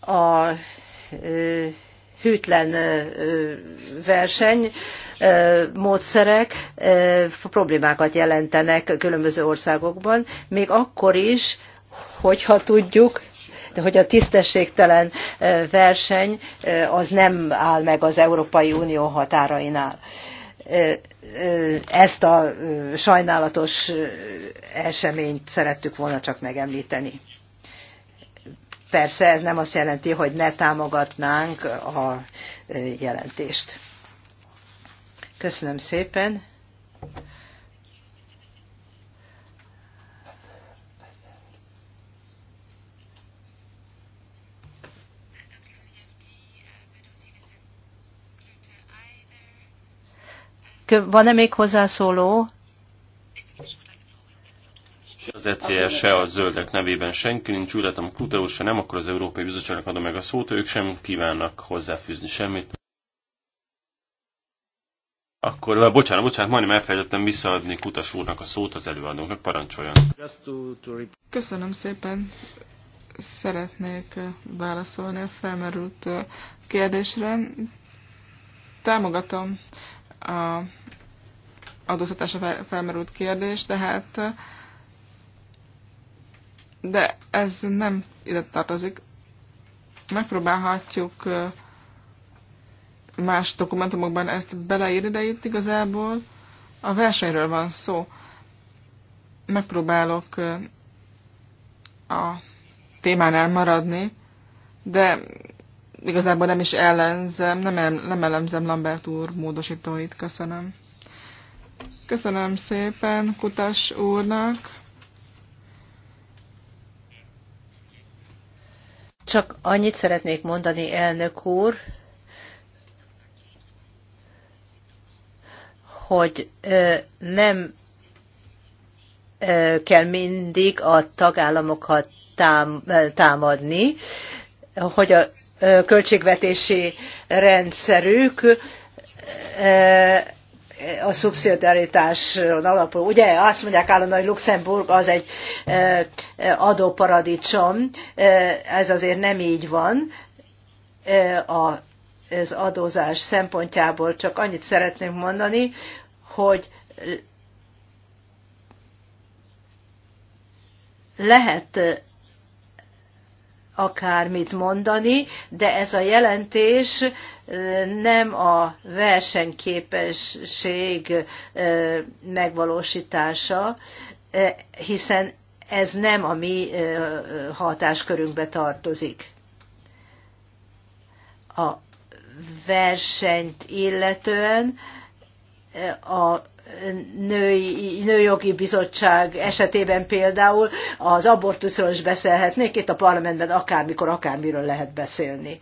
a hűtlen verseny módszerek problémákat jelentenek különböző országokban, még akkor is, hogyha tudjuk, de hogy a tisztességtelen verseny az nem áll meg az Európai Unió határainál. Ezt a sajnálatos eseményt szerettük volna csak megemlíteni. Persze ez nem azt jelenti, hogy ne támogatnánk a e, jelentést. Köszönöm szépen. Van-e még hozzászóló? Se az ECR, se a zöldek nevében senki nincs, úgy látom, Klute úr se nem, akkor az Európai Bizottságnak adom meg a szót, ők sem kívánnak hozzáfűzni semmit. Akkor, bocsánat, bocsánat, majdnem elfelejtettem visszaadni Kutas úrnak a szót az előadónknak, parancsoljon. Köszönöm szépen. Szeretnék válaszolni a felmerült kérdésre. Támogatom a adóztatásra felmerült kérdést, de hát de ez nem ide tartozik. Megpróbálhatjuk más dokumentumokban ezt beleírni, de itt igazából a versenyről van szó. Megpróbálok a témánál maradni, de igazából nem is ellenzem, nem, el, nem elemzem Lambert úr módosítóit. Köszönöm. Köszönöm szépen Kutas úrnak. Csak annyit szeretnék mondani, elnök úr, hogy nem kell mindig a tagállamokat támadni, hogy a költségvetési rendszerük a szubszidiaritáson alapú. Ugye azt mondják állandóan, hogy Luxemburg az egy adóparadicsom. Ez azért nem így van. A az adózás szempontjából csak annyit szeretnénk mondani, hogy lehet akármit mondani, de ez a jelentés nem a versenyképesség megvalósítása, hiszen ez nem a mi hatáskörünkbe tartozik. A versenyt illetően a női, nőjogi bizottság esetében például az abortuszról is beszélhetnék, itt a parlamentben akármikor, akármiről lehet beszélni.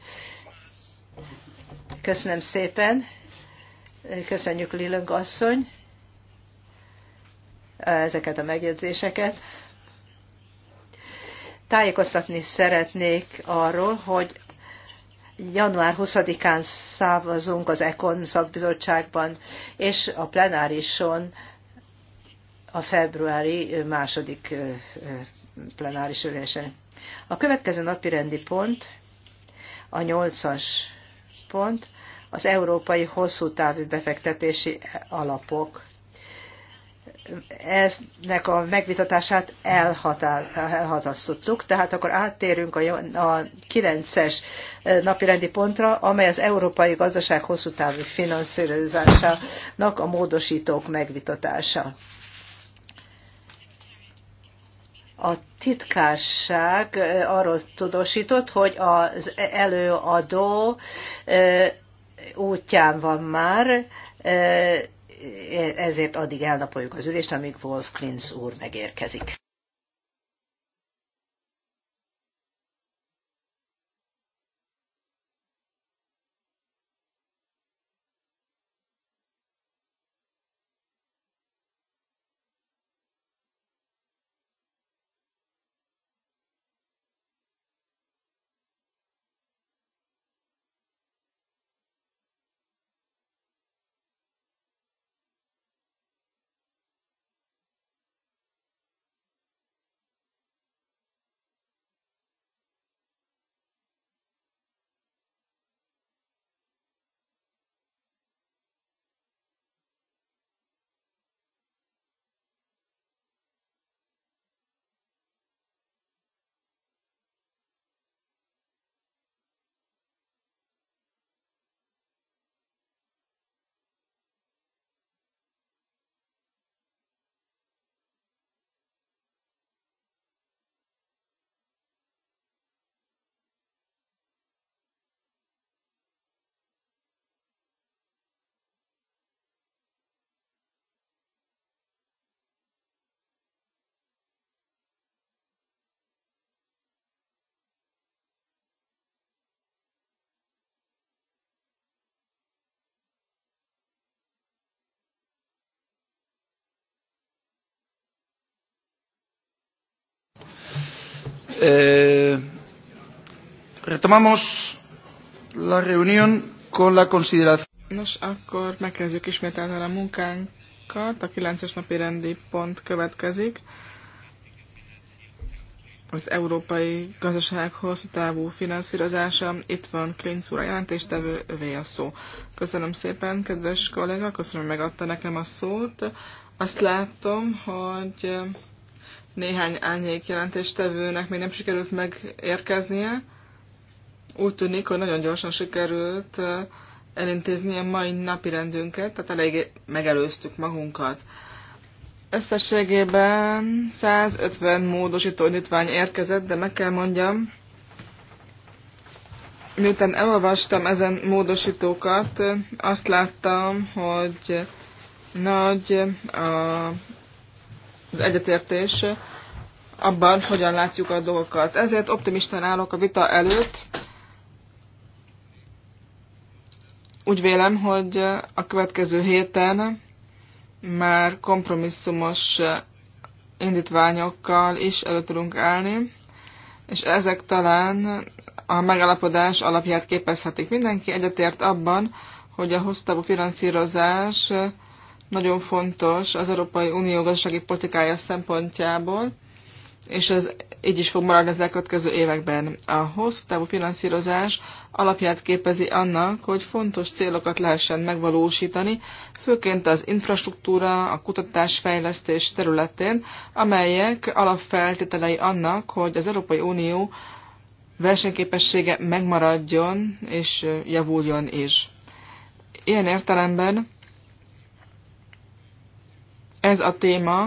Köszönöm szépen. Köszönjük Lilöng asszony ezeket a megjegyzéseket. Tájékoztatni szeretnék arról, hogy január 20-án szavazunk az ECON szakbizottságban, és a plenárison a februári második plenáris ülésen. A következő napi rendi pont, a nyolcas pont, az Európai Hosszú Távú Befektetési Alapok eznek a megvitatását elhatasztottuk, tehát akkor áttérünk a, a 9-es eh, napirendi pontra, amely az európai gazdaság hosszú távú finanszírozásának a módosítók megvitatása. A titkárság eh, arról tudósított, hogy az előadó eh, útján van már, ezért addig elnapoljuk az ülést, amíg Wolf Klinz úr megérkezik. Eh, retomamos la reunión con la consideración. Nos, akkor megkezdjük ismételten a munkánkat. A 9-es napi rendi pont következik. Az európai gazdaság hosszú távú finanszírozása. Itt van Klinc úr a jelentéstevő, övé a szó. Köszönöm szépen, kedves kolléga, köszönöm, hogy megadta nekem a szót. Azt látom, hogy néhány árnyék jelentéstevőnek még nem sikerült megérkeznie. Úgy tűnik, hogy nagyon gyorsan sikerült elintézni a mai napi rendünket, tehát elég megelőztük magunkat. Összességében 150 módosító indítvány érkezett, de meg kell mondjam, miután elolvastam ezen módosítókat, azt láttam, hogy nagy a az egyetértés abban, hogyan látjuk a dolgokat. Ezért optimistán állok a vita előtt. Úgy vélem, hogy a következő héten már kompromisszumos indítványokkal is elő tudunk állni, és ezek talán a megállapodás alapját képezhetik. Mindenki egyetért abban, hogy a hosszú finanszírozás finanszírozás nagyon fontos az Európai Unió gazdasági politikája szempontjából, és ez így is fog maradni az elkövetkező években. A hosszú távú finanszírozás alapját képezi annak, hogy fontos célokat lehessen megvalósítani, főként az infrastruktúra, a kutatásfejlesztés területén, amelyek alapfeltételei annak, hogy az Európai Unió versenyképessége megmaradjon és javuljon is. Ilyen értelemben ez a téma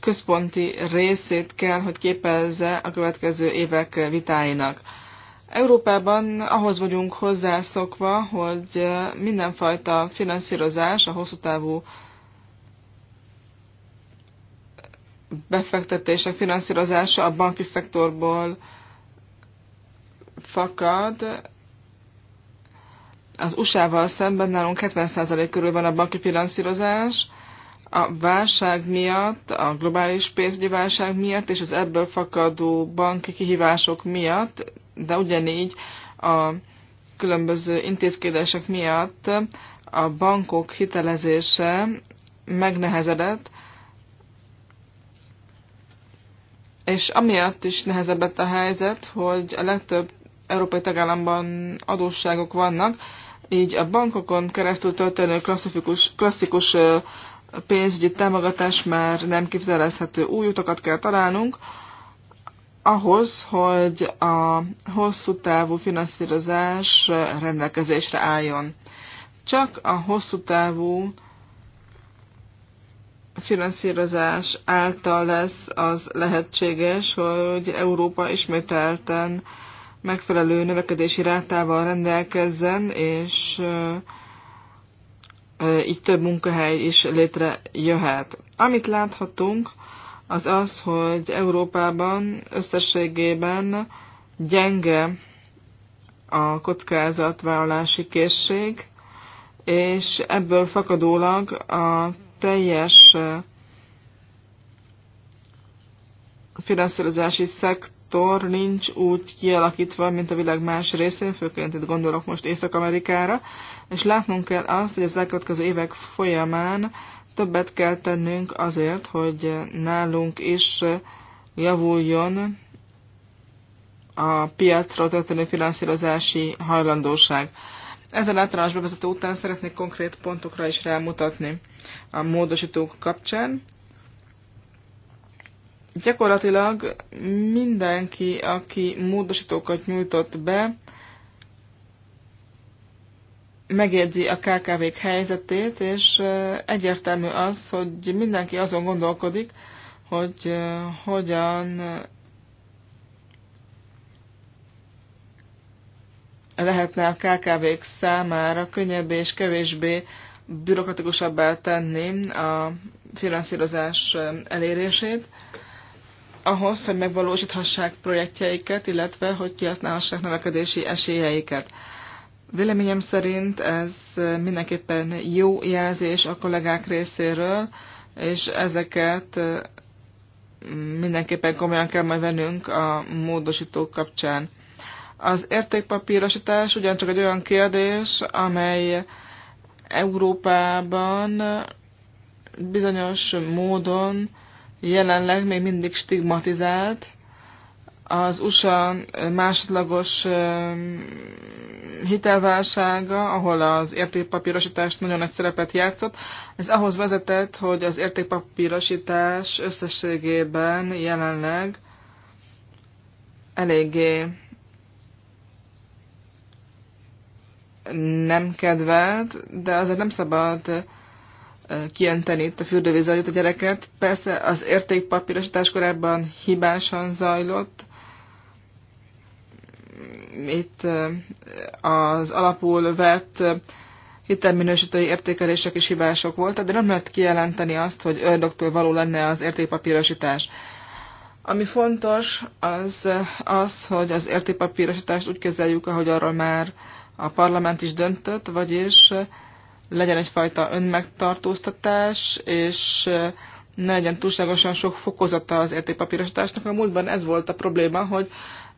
központi részét kell, hogy képezze a következő évek vitáinak. Európában ahhoz vagyunk hozzászokva, hogy mindenfajta finanszírozás a hosszú távú befektetések finanszírozása a banki szektorból fakad. Az USA-val szemben nálunk 70% körül van a banki finanszírozás, a válság miatt, a globális pénzügyi válság miatt és az ebből fakadó banki kihívások miatt, de ugyanígy a különböző intézkedések miatt a bankok hitelezése megnehezedett, és amiatt is nehezebb lett a helyzet, hogy a legtöbb európai tagállamban adósságok vannak, így a bankokon keresztül történő klasszikus, klasszikus a pénzügyi támogatás már nem kivitelezhető. Új utakat kell találnunk ahhoz, hogy a hosszú távú finanszírozás rendelkezésre álljon. Csak a hosszú távú finanszírozás által lesz az lehetséges, hogy Európa ismételten megfelelő növekedési rátával rendelkezzen, és így több munkahely is létrejöhet. Amit láthatunk, az az, hogy Európában összességében gyenge a kockázatvállalási készség, és ebből fakadólag a teljes finanszírozási szektor szektor nincs úgy kialakítva, mint a világ más részén, főként itt gondolok most Észak-Amerikára, és látnunk kell azt, hogy az elkövetkező évek folyamán többet kell tennünk azért, hogy nálunk is javuljon a piacra történő finanszírozási hajlandóság. Ezen általános bevezető után szeretnék konkrét pontokra is rámutatni a módosítók kapcsán. Gyakorlatilag mindenki, aki módosítókat nyújtott be, megjegyzi a KKV-k helyzetét, és egyértelmű az, hogy mindenki azon gondolkodik, hogy hogyan lehetne a KKV-k számára könnyebb és kevésbé bürokratikusabbá tenni a finanszírozás elérését ahhoz, hogy megvalósíthassák projektjeiket, illetve hogy kihasználhassák növekedési esélyeiket. Véleményem szerint ez mindenképpen jó jelzés a kollégák részéről, és ezeket mindenképpen komolyan kell majd vennünk a módosítók kapcsán. Az értékpapírosítás ugyancsak egy olyan kérdés, amely Európában bizonyos módon jelenleg még mindig stigmatizált. Az USA másodlagos hitelválsága, ahol az értékpapírosítás nagyon nagy szerepet játszott, ez ahhoz vezetett, hogy az értékpapírosítás összességében jelenleg eléggé nem kedvelt, de azért nem szabad kienteni itt a fürdővíz alatt a gyereket. Persze az értékpapírosítás korábban hibásan zajlott. Itt az alapul vett hitelminősítői értékelések is hibások voltak, de nem lehet kijelenteni azt, hogy ördögtől való lenne az értékpapírosítás. Ami fontos, az az, hogy az értékpapírosítást úgy kezeljük, ahogy arról már a parlament is döntött, vagyis legyen egyfajta önmegtartóztatás, és ne legyen túlságosan sok fokozata az értékpapírosításnak. A múltban ez volt a probléma, hogy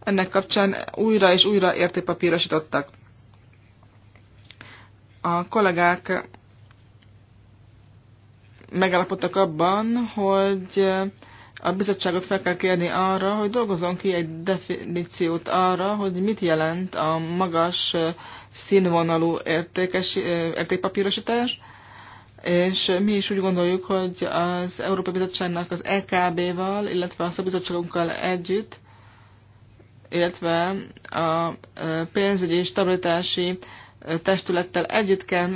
ennek kapcsán újra és újra értékpapírosítottak. A kollégák megállapodtak abban, hogy a bizottságot fel kell kérni arra, hogy dolgozzon ki egy definíciót arra, hogy mit jelent a magas színvonalú értékes, értékpapírosítás, és mi is úgy gondoljuk, hogy az Európai Bizottságnak az EKB-val, illetve a szabizottságunkkal együtt, illetve a pénzügyi stabilitási testülettel együtt kell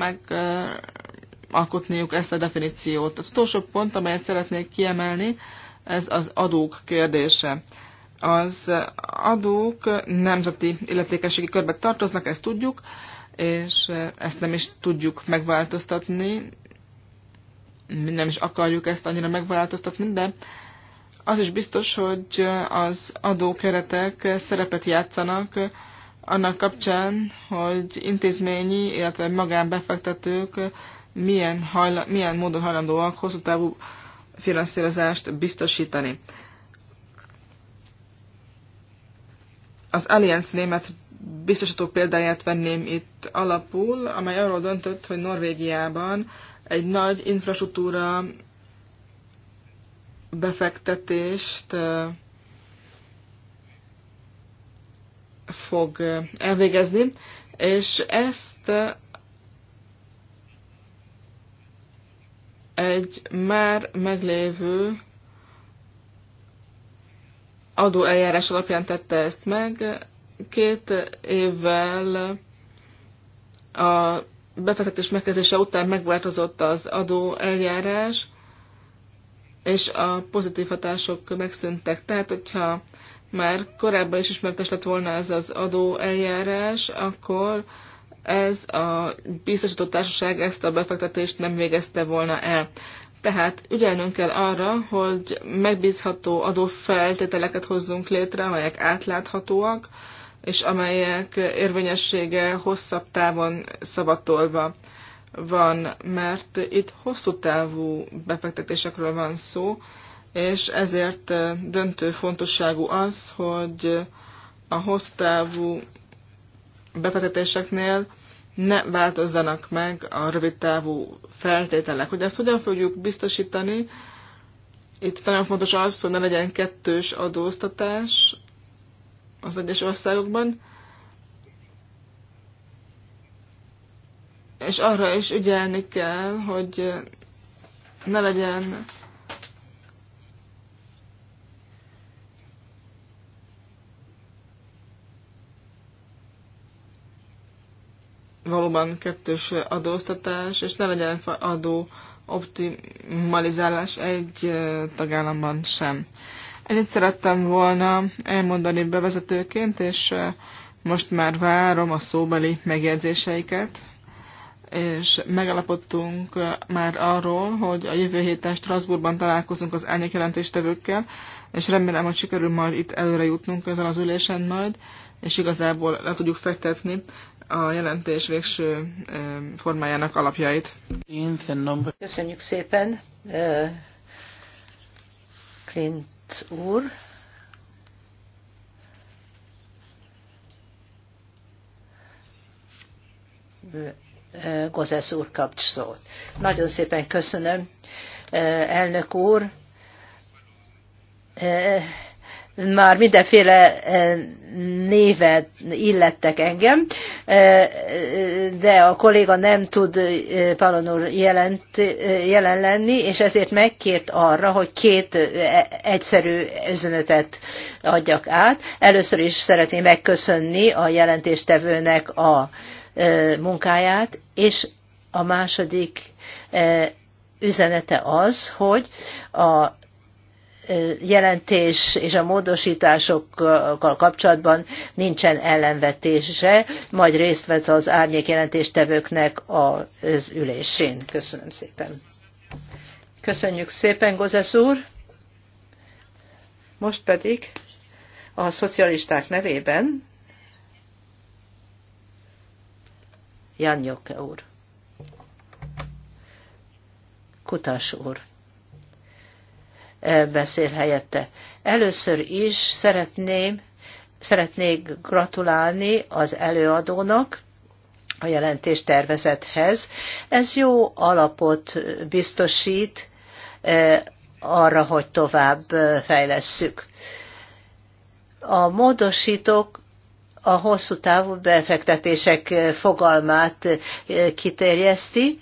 megalkotniuk ezt a definíciót. Az utolsó pont, amelyet szeretnék kiemelni, ez az adók kérdése. Az adók nemzeti illetékességi körbe tartoznak, ezt tudjuk, és ezt nem is tudjuk megváltoztatni, nem is akarjuk ezt annyira megváltoztatni, de az is biztos, hogy az adókeretek szerepet játszanak annak kapcsán, hogy intézményi, illetve magánbefektetők milyen, hajla, milyen módon hajlandóak hosszú távú finanszírozást biztosítani. az Allianz német biztosító példáját venném itt alapul, amely arról döntött, hogy Norvégiában egy nagy infrastruktúra befektetést fog elvégezni, és ezt egy már meglévő adóeljárás alapján tette ezt meg. Két évvel a befektetés megkezdése után megváltozott az adóeljárás, és a pozitív hatások megszűntek. Tehát, hogyha már korábban is ismertes lett volna ez az adóeljárás, akkor ez a biztosító társaság ezt a befektetést nem végezte volna el. Tehát ügyelnünk kell arra, hogy megbízható adófeltételeket hozzunk létre, amelyek átláthatóak, és amelyek érvényessége hosszabb távon szabatolva van, mert itt hosszú távú befektetésekről van szó, és ezért döntő fontosságú az, hogy a hosszú távú befektetéseknél ne változzanak meg a rövid távú feltételek. Hogy ezt hogyan fogjuk biztosítani? Itt nagyon fontos az, hogy ne legyen kettős adóztatás az egyes országokban, és arra is ügyelni kell, hogy ne legyen valóban kettős adóztatás, és ne legyen adó optimalizálás egy tagállamban sem. Ennyit szerettem volna elmondani bevezetőként, és most már várom a szóbeli megjegyzéseiket, és megalapodtunk már arról, hogy a jövő héten Strasbourgban találkozunk az árnyékjelentéstevőkkel, és remélem, hogy sikerül majd itt előre jutnunk ezen az ülésen majd, és igazából le tudjuk fektetni a jelentés végső formájának alapjait. Köszönjük szépen, Clint úr. Gozesz úr kapcs szót. Nagyon szépen köszönöm, elnök úr már mindenféle eh, névet illettek engem, eh, de a kolléga nem tud eh, Palonor jelent, jelen lenni, és ezért megkért arra, hogy két egyszerű üzenetet adjak át. Először is szeretném megköszönni a jelentéstevőnek a munkáját, és a második üzenete az, hogy a jelentés és a módosításokkal kapcsolatban nincsen ellenvetése, majd részt vesz az árnyék jelentéstevőknek az ülésén. Köszönöm szépen. Köszönjük szépen, Gozes úr. Most pedig a szocialisták nevében Jan Jokke úr. Kutas úr beszél helyette. Először is szeretném, szeretnék gratulálni az előadónak, a jelentés tervezethez. Ez jó alapot biztosít e, arra, hogy tovább e, fejlesszük. A módosítók a hosszú távú befektetések fogalmát e, kiterjeszti,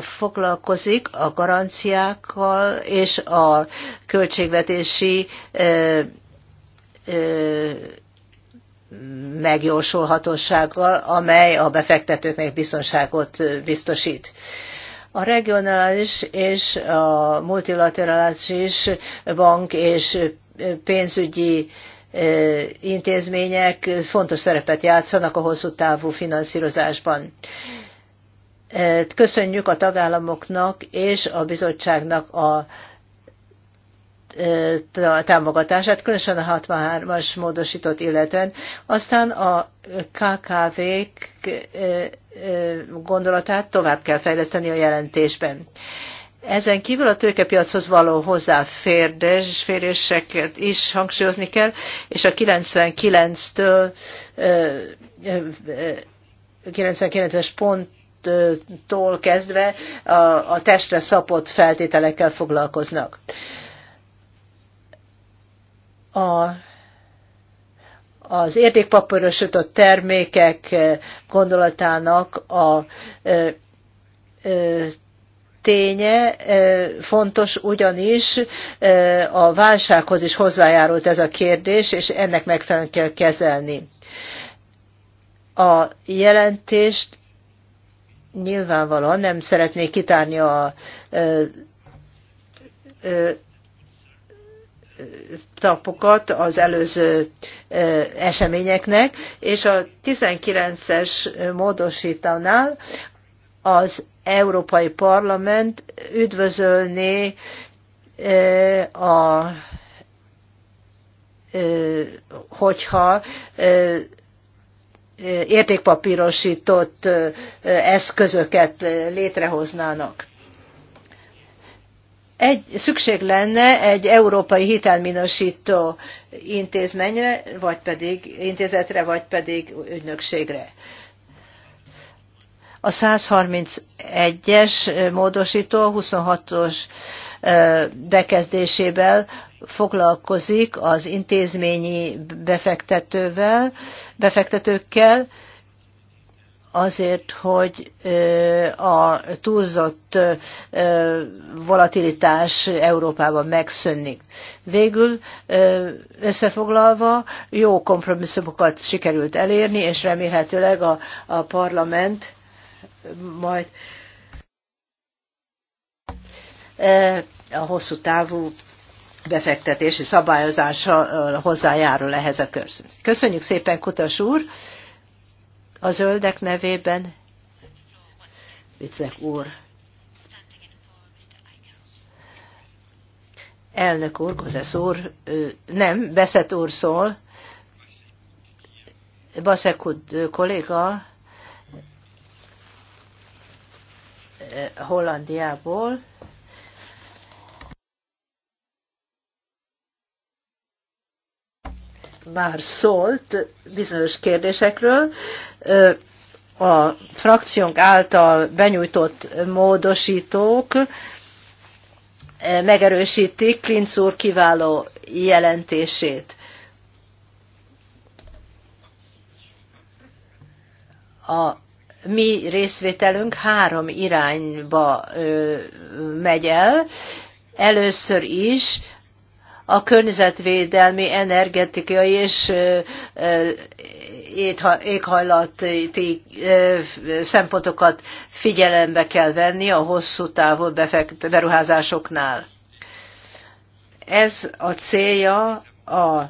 foglalkozik a garanciákkal és a költségvetési megjósolhatósággal, amely a befektetőknek biztonságot biztosít. A regionális és a multilaterális bank és pénzügyi intézmények fontos szerepet játszanak a hosszú távú finanszírozásban. Köszönjük a tagállamoknak és a bizottságnak a támogatását, különösen a 63-as módosított illetően. Aztán a KKV-k gondolatát tovább kell fejleszteni a jelentésben. Ezen kívül a tőkepiachoz való hozzáféréseket is hangsúlyozni kell, és a 99-től 99-es pont tól kezdve a, a testre szapott feltételekkel foglalkoznak. A, az értékpapírosított termékek gondolatának a ténye fontos, ugyanis a válsághoz is hozzájárult ez a kérdés, és ennek megfelelően kell kezelni. A jelentést nyilvánvalóan nem szeretnék kitárni a tapokat az előző eseményeknek, és a 19-es módosítanál az Európai Parlament üdvözölné a hogyha értékpapírosított eszközöket létrehoznának. Egy, szükség lenne egy európai hitelminősítő intézményre, vagy pedig intézetre, vagy pedig ügynökségre. A 131-es módosító 26-os bekezdésével foglalkozik az intézményi befektetővel, befektetőkkel, azért, hogy a túlzott volatilitás Európában megszűnik. Végül összefoglalva jó kompromisszumokat sikerült elérni, és remélhetőleg a, a parlament majd a hosszú távú befektetési szabályozása hozzájárul ehhez a körzön. Köszönjük szépen, Kutas úr! A zöldek nevében Vicek úr. Elnök úr, Gozesz úr, nem, Beszet úr szól. Baszekud kolléga Hollandiából már szólt bizonyos kérdésekről. A frakciónk által benyújtott módosítók megerősítik Klinc úr kiváló jelentését. A mi részvételünk három irányba megy el. Először is a környezetvédelmi, energetikai és éghajlati szempontokat figyelembe kell venni a hosszú távú beruházásoknál. Ez a célja a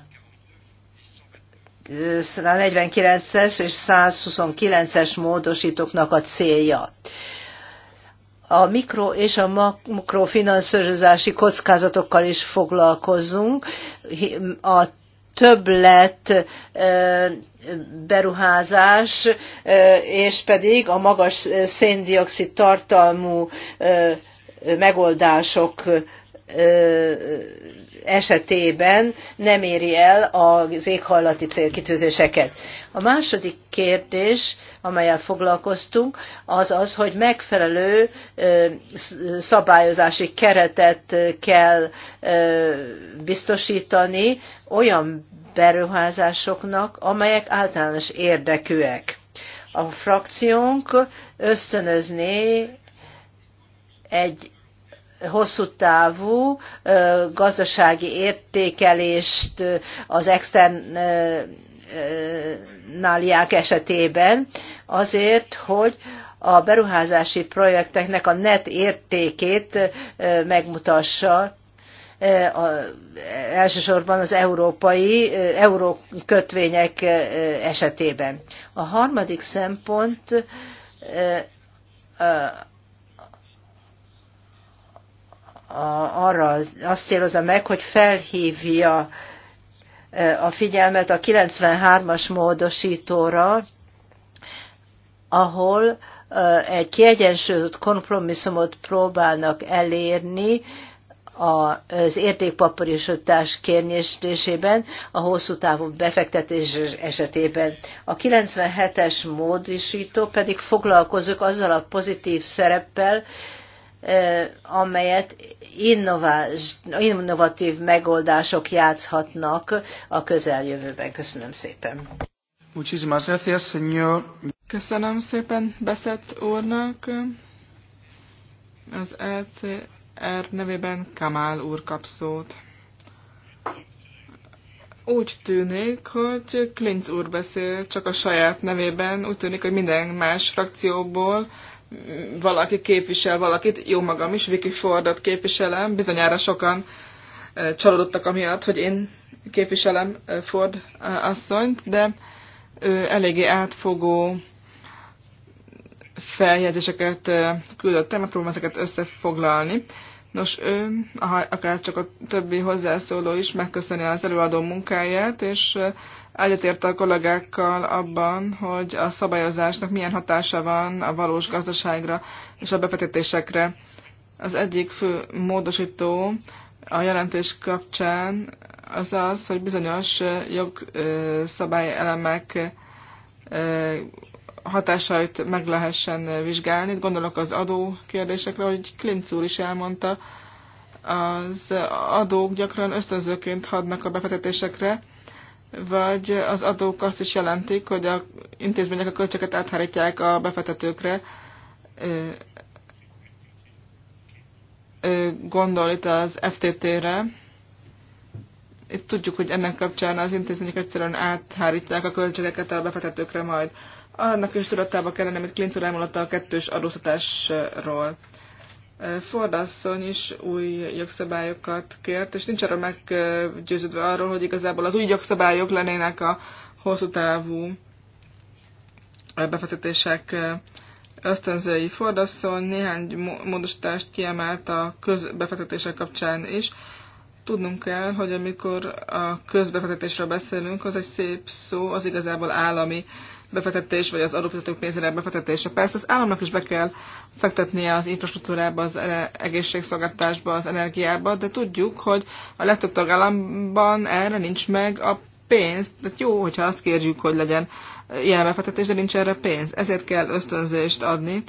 49-es és 129-es módosítóknak a célja a mikro és a makrofinanszírozási kockázatokkal is foglalkozunk. A többlet beruházás, és pedig a magas széndiokszid tartalmú megoldások esetében nem éri el az éghajlati célkitűzéseket. A második kérdés, amelyel foglalkoztunk, az az, hogy megfelelő szabályozási keretet kell biztosítani olyan beruházásoknak, amelyek általános érdekűek. A frakciónk ösztönözné egy hosszú távú gazdasági értékelést az externáliák esetében azért, hogy a beruházási projekteknek a net értékét megmutassa elsősorban az európai eurókötvények kötvények esetében. A harmadik szempont arra azt célozza meg, hogy felhívja e, a figyelmet a 93-as módosítóra, ahol e, egy kiegyensúlyozott kompromisszumot próbálnak elérni az értékpapírosítás kérdésében, a hosszú távú befektetés esetében. A 97-es módosító pedig foglalkozik azzal a pozitív szereppel, amelyet innovatív megoldások játszhatnak a közeljövőben. Köszönöm szépen. gracias, señor. Köszönöm szépen beszélt úrnak. Az ECR nevében Kamál úr kap szót. Úgy tűnik, hogy Klinc úr beszél csak a saját nevében, úgy tűnik, hogy minden más frakcióból valaki képvisel valakit, jó magam is, Vicky Fordot képviselem, bizonyára sokan csalódottak amiatt, hogy én képviselem Ford asszonyt, de ő eléggé átfogó feljegyzéseket küldöttem, megpróbálom ezeket összefoglalni. Nos, ő, akár csak a többi hozzászóló is megköszöni az előadó munkáját, és Egyetért a kollégákkal abban, hogy a szabályozásnak milyen hatása van a valós gazdaságra és a befektetésekre. Az egyik fő módosító a jelentés kapcsán az az, hogy bizonyos jogszabályelemek hatásait meg lehessen vizsgálni. Gondolok az adó kérdésekre, hogy Klinc úr is elmondta, az adók gyakran ösztönzőként hadnak a befektetésekre, vagy az adók azt is jelentik, hogy a intézmények a költséget áthárítják a befektetőkre. Gondol itt az FTT-re. Itt tudjuk, hogy ennek kapcsán az intézmények egyszerűen áthárítják a költségeket a befektetőkre majd. Annak is tudatába kellene, amit Klinc úr a kettős adóztatásról. Fordasszony is új jogszabályokat kért, és nincs arra meggyőződve arról, hogy igazából az új jogszabályok lennének a hosszú távú befektetések ösztönzői. Fordasszony néhány módosítást kiemelt a közbefektetések kapcsán is. Tudnunk kell, hogy amikor a közbefektetésről beszélünk, az egy szép szó, az igazából állami uh, befektetés, vagy az adófizetők pénzére befektetése. Persze az államnak is be kell fektetnie az infrastruktúrába, az e- egészségszolgáltásba, az energiába, de tudjuk, hogy a legtöbb tagállamban erre nincs meg a pénz. Tehát jó, hogyha azt kérjük, hogy legyen ilyen befektetés, de nincs erre pénz. Ezért kell ösztönzést adni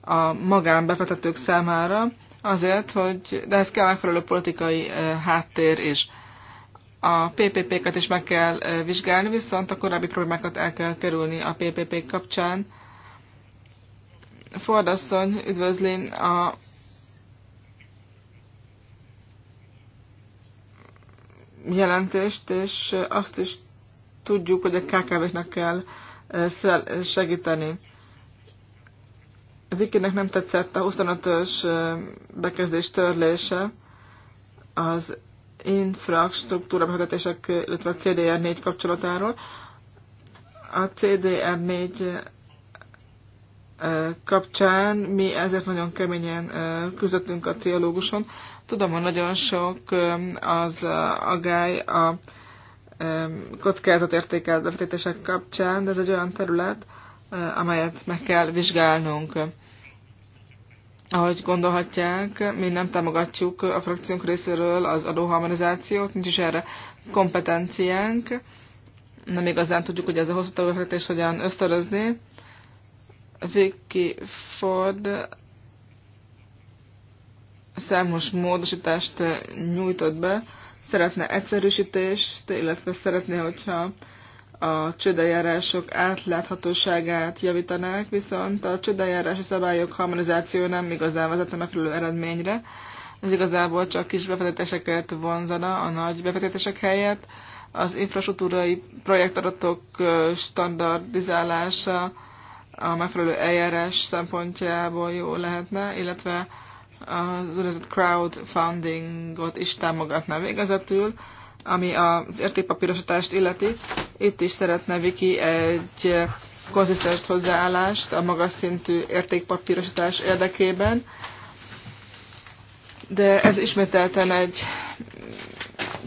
a magánbefektetők számára, azért, hogy, de ez kell megfelelő politikai e, háttér is. A PPP-ket is meg kell vizsgálni, viszont a korábbi problémákat el kell kerülni a PPP kapcsán. Ford asszony üdvözli a jelentést, és azt is tudjuk, hogy a KKV-knek kell segíteni. Vikinek nem tetszett a 25-ös bekezdés törlése az infrastruktúra befektetések, illetve a CDR4 kapcsolatáról. A CDR4 eh, kapcsán mi ezért nagyon keményen eh, küzdöttünk a triológuson. Tudom, hogy nagyon sok eh, az agály a kockázatértékelt befektetések kapcsán, de ez egy olyan terület, amelyet meg kell vizsgálnunk ahogy gondolhatják, mi nem támogatjuk a frakciónk részéről az adóharmonizációt, nincs is erre kompetenciánk, nem igazán tudjuk, hogy ez a hosszú távú hogyan ösztörözni. Vicky Ford számos módosítást nyújtott be, szeretne egyszerűsítést, illetve szeretné, hogyha a csődeljárások átláthatóságát javítanák, viszont a csődeljárási szabályok harmonizáció nem igazán vezetne megfelelő eredményre. Ez igazából csak kis befektetéseket vonzana a nagy befektetések helyett. Az infrastruktúrai projektadatok standardizálása a megfelelő eljárás szempontjából jó lehetne, illetve az úgynevezett crowdfundingot is támogatná végezetül ami az értékpapírosítást illeti. Itt is szeretne Viki egy konzisztens hozzáállást a magas szintű értékpapírosítás érdekében, de ez ismételten egy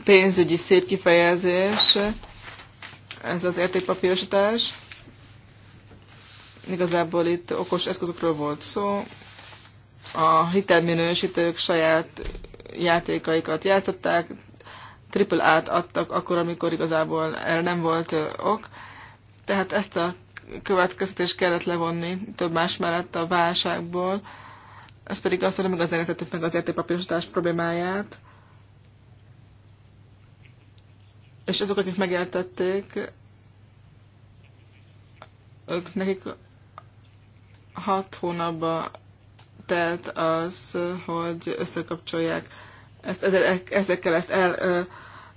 pénzügyi szép kifejezés, ez az értékpapírosítás. Igazából itt okos eszközökről volt szó. A hitelminősítők saját játékaikat játszották, triple át adtak akkor, amikor igazából erre nem volt ok. Tehát ezt a következtetést kellett levonni több más mellett a válságból. Ez pedig azt, hogy nem igazán értettük meg az értékpapírosítás problémáját. És azok, akik megértették, ők nekik hat hónapba telt az, hogy összekapcsolják ezt, ezekkel ezt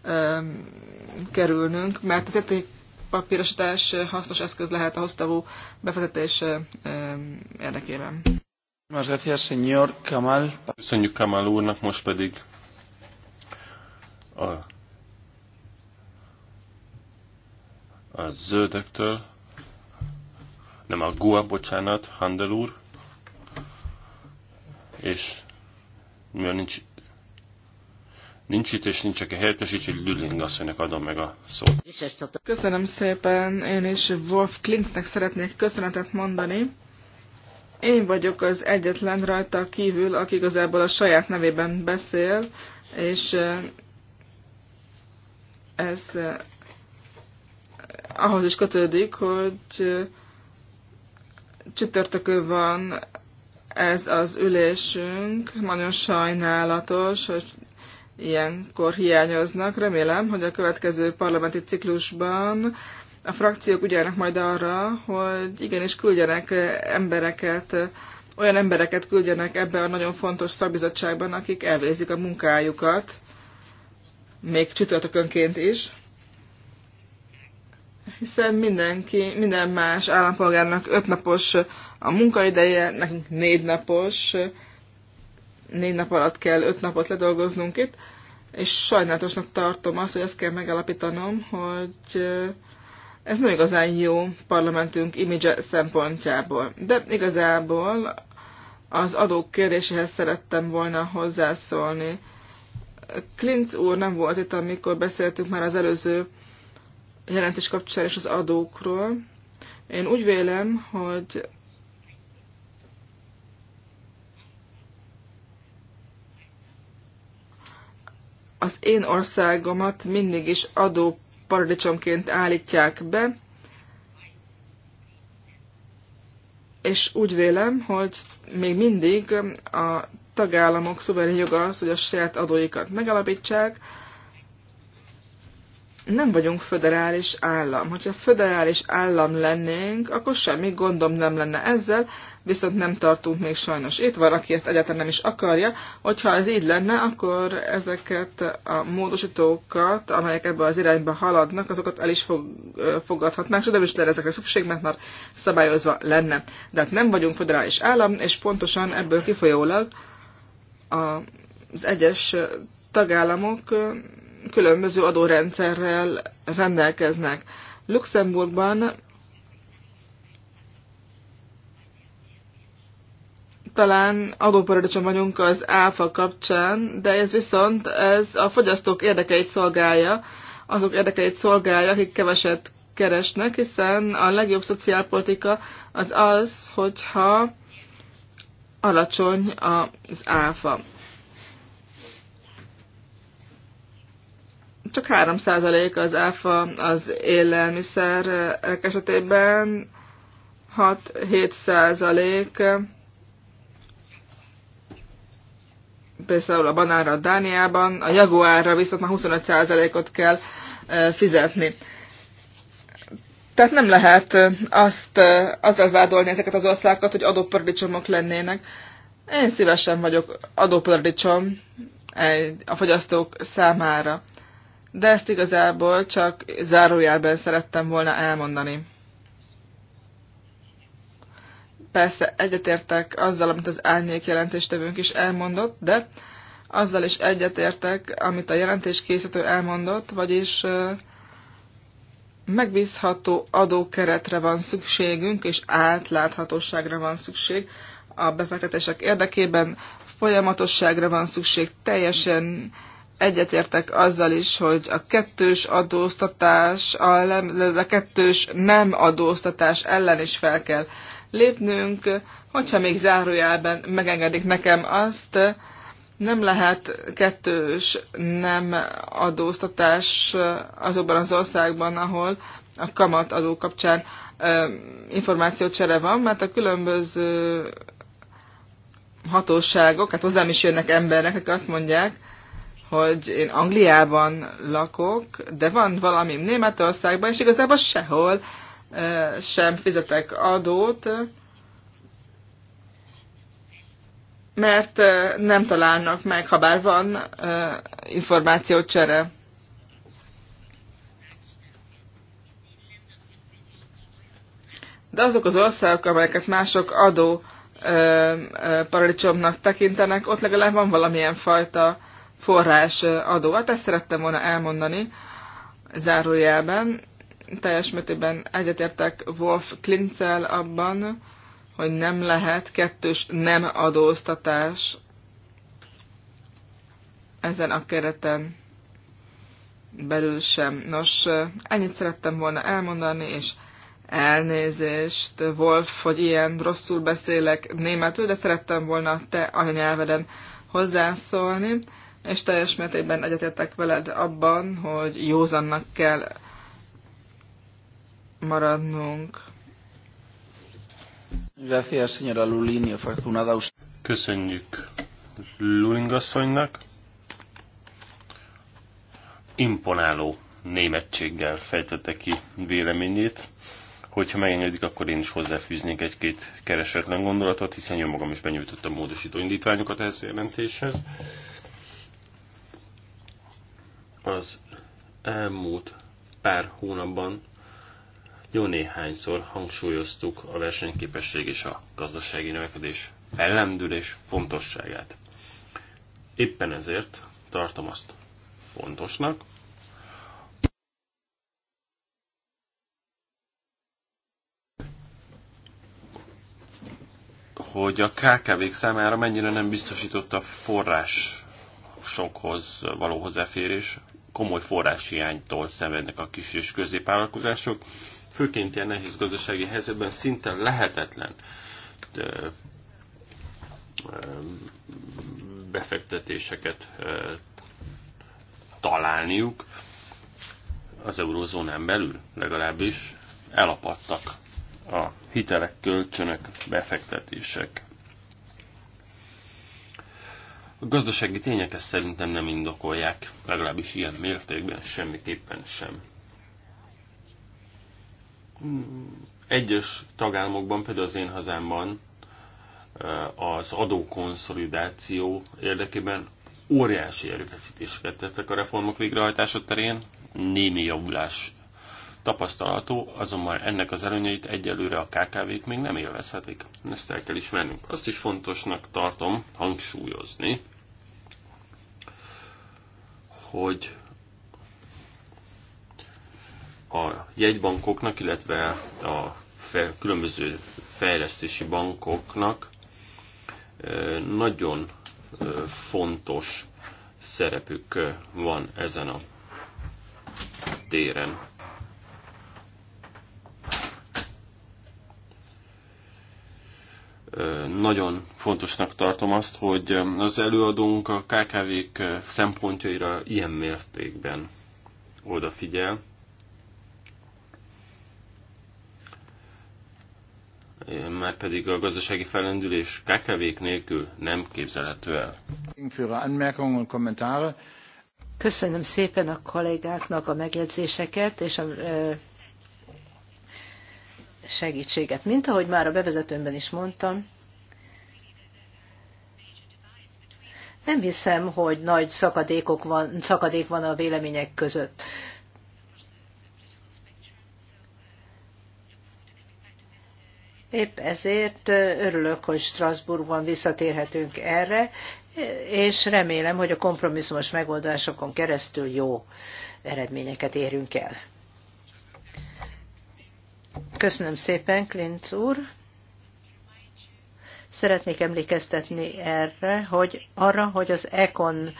elkerülnünk, mert az papírosítás hasznos eszköz lehet a hosszú befektetés érdekében. Köszönjük Kamal úrnak, most pedig a, a zöldektől, nem a Gua, bocsánat, Handel úr, és mivel nincs nincs itt, és nincs, aki helyettesíts, így Lüling asszonynak adom meg a szót. Köszönöm szépen, én is Wolf Klinznek szeretnék köszönetet mondani. Én vagyok az egyetlen rajta kívül, aki igazából a saját nevében beszél, és eh, ez eh, ahhoz is kötődik, hogy eh, csütörtökön van ez az ülésünk. Nagyon sajnálatos, hogy ilyenkor hiányoznak. Remélem, hogy a következő parlamenti ciklusban a frakciók ugyanak majd arra, hogy igenis küldjenek embereket, olyan embereket küldjenek ebbe a nagyon fontos szakbizottságban, akik elvégzik a munkájukat, még csütörtökönként is hiszen mindenki, minden más állampolgárnak ötnapos a munkaideje, nekünk négy napos, négy nap alatt kell öt napot ledolgoznunk itt, és sajnálatosnak tartom azt, hogy azt kell megalapítanom, hogy ez nem igazán jó parlamentünk image szempontjából. De igazából az adók kérdéséhez szerettem volna hozzászólni. Klinc úr nem volt itt, amikor beszéltünk már az előző jelentés kapcsán és az adókról. Én úgy vélem, hogy az én országomat mindig is adó paradicsomként állítják be, és úgy vélem, hogy még mindig a tagállamok szuverén joga az, hogy a saját adóikat megalapítsák. Nem vagyunk föderális állam. Hogyha föderális állam lennénk, akkor semmi gondom nem lenne ezzel, viszont nem tartunk még sajnos itt, van, aki ezt egyáltalán nem is akarja. Hogyha ez így lenne, akkor ezeket a módosítókat, amelyek ebbe az irányba haladnak, azokat el is fog, fogadhatnánk, és nem is lenne ezekre szükség, mert már szabályozva lenne. De hát nem vagyunk federális állam, és pontosan ebből kifolyólag az egyes tagállamok különböző adórendszerrel rendelkeznek. Luxemburgban talán adóparadicsom vagyunk az áfa kapcsán, de ez viszont ez a fogyasztók érdekeit szolgálja, azok érdekeit szolgálja, akik keveset keresnek, hiszen a legjobb szociálpolitika az az, hogyha alacsony az áfa. Csak 3% az áfa az élelmiszer esetében, 6-7% például a banánra Dániában, a jaguárra viszont már 25%-ot kell fizetni. Tehát nem lehet azt, azzal vádolni ezeket az országokat, hogy adóparadicsomok lennének. Én szívesen vagyok adóparadicsom a fogyasztók számára. De ezt igazából csak zárójelben szerettem volna elmondani. Persze egyetértek azzal, amit az árnyék jelentéstevőnk is elmondott, de azzal is egyetértek, amit a jelentés készítő elmondott, vagyis megbízható adókeretre van szükségünk, és átláthatóságra van szükség a befektetések érdekében, folyamatosságra van szükség, teljesen egyetértek azzal is, hogy a kettős adóztatás, a, a kettős nem adóztatás ellen is fel kell lépnünk, hogyha még zárójelben megengedik nekem azt, nem lehet kettős nem adóztatás azokban az országban, ahol a kamat adó kapcsán információcsere van, mert a különböző hatóságok, hát hozzám is jönnek emberek, akik azt mondják, hogy én Angliában lakok, de van valami Németországban, és igazából sehol sem fizetek adót, mert nem találnak meg, ha bár van információcsere. De azok az országok, amelyeket mások adó paradicsomnak tekintenek, ott legalább van valamilyen fajta forrás adó. Hát ezt szerettem volna elmondani zárójelben teljes mértékben egyetértek Wolf Klinzel abban, hogy nem lehet kettős nem adóztatás ezen a kereten belül sem. Nos, ennyit szerettem volna elmondani, és elnézést, Wolf, hogy ilyen rosszul beszélek németül, de szerettem volna te anyanyelveden hozzászólni, és teljes mértékben egyetértek veled abban, hogy józannak kell maradnunk. Gracias, señora Lulini, afortunada Köszönjük Luling asszonynak. Imponáló németséggel fejtette ki véleményét. Hogyha megengedik, akkor én is hozzáfűznék egy-két keresetlen gondolatot, hiszen jó magam is benyújtottam módosító indítványokat ehhez a jelentéshez. Az elmúlt pár hónapban jó néhányszor hangsúlyoztuk a versenyképesség és a gazdasági növekedés fellendülés fontosságát. Éppen ezért tartom azt fontosnak, hogy a kkv számára mennyire nem biztosított a sokhoz való hozzáférés, komoly forráshiánytól szenvednek a kis és középvállalkozások, főként ilyen nehéz gazdasági helyzetben szinte lehetetlen befektetéseket találniuk az eurózónán belül legalábbis elapadtak a hitelek, kölcsönök, befektetések. A gazdasági tények ezt szerintem nem indokolják, legalábbis ilyen mértékben semmiképpen sem. Egyes tagállamokban, például az én hazámban az adókonszolidáció érdekében óriási erőfeszítéseket tettek a reformok végrehajtása terén, némi javulás tapasztalható, azonban ennek az előnyeit egyelőre a KKV-k még nem élvezhetik. Ezt el kell ismernünk. Azt is fontosnak tartom hangsúlyozni, hogy a jegybankoknak, illetve a fe, különböző fejlesztési bankoknak nagyon fontos szerepük van ezen a téren. Nagyon fontosnak tartom azt, hogy az előadónk a KKV-k szempontjaira ilyen mértékben odafigyel, már pedig a gazdasági felendülés kkv nélkül nem képzelhető el. Köszönöm szépen a kollégáknak a megjegyzéseket és a segítséget. Mint ahogy már a bevezetőmben is mondtam, nem hiszem, hogy nagy szakadékok van, szakadék van a vélemények között. Épp ezért örülök, hogy Strasbourgban visszatérhetünk erre, és remélem, hogy a kompromisszumos megoldásokon keresztül jó eredményeket érünk el. Köszönöm szépen, Klinc úr. Szeretnék emlékeztetni erre, hogy arra, hogy az ECON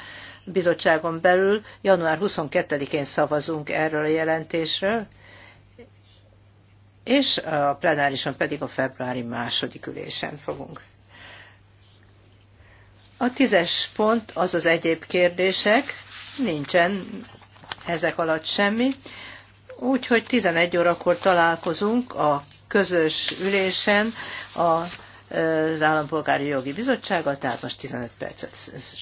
bizottságon belül január 22-én szavazunk erről a jelentésről, és a plenárison pedig a februári második ülésen fogunk. A tízes pont az az egyéb kérdések, nincsen ezek alatt semmi, úgyhogy 11 órakor találkozunk a közös ülésen a az Állampolgári Jogi Bizottsággal, tehát most 15 percet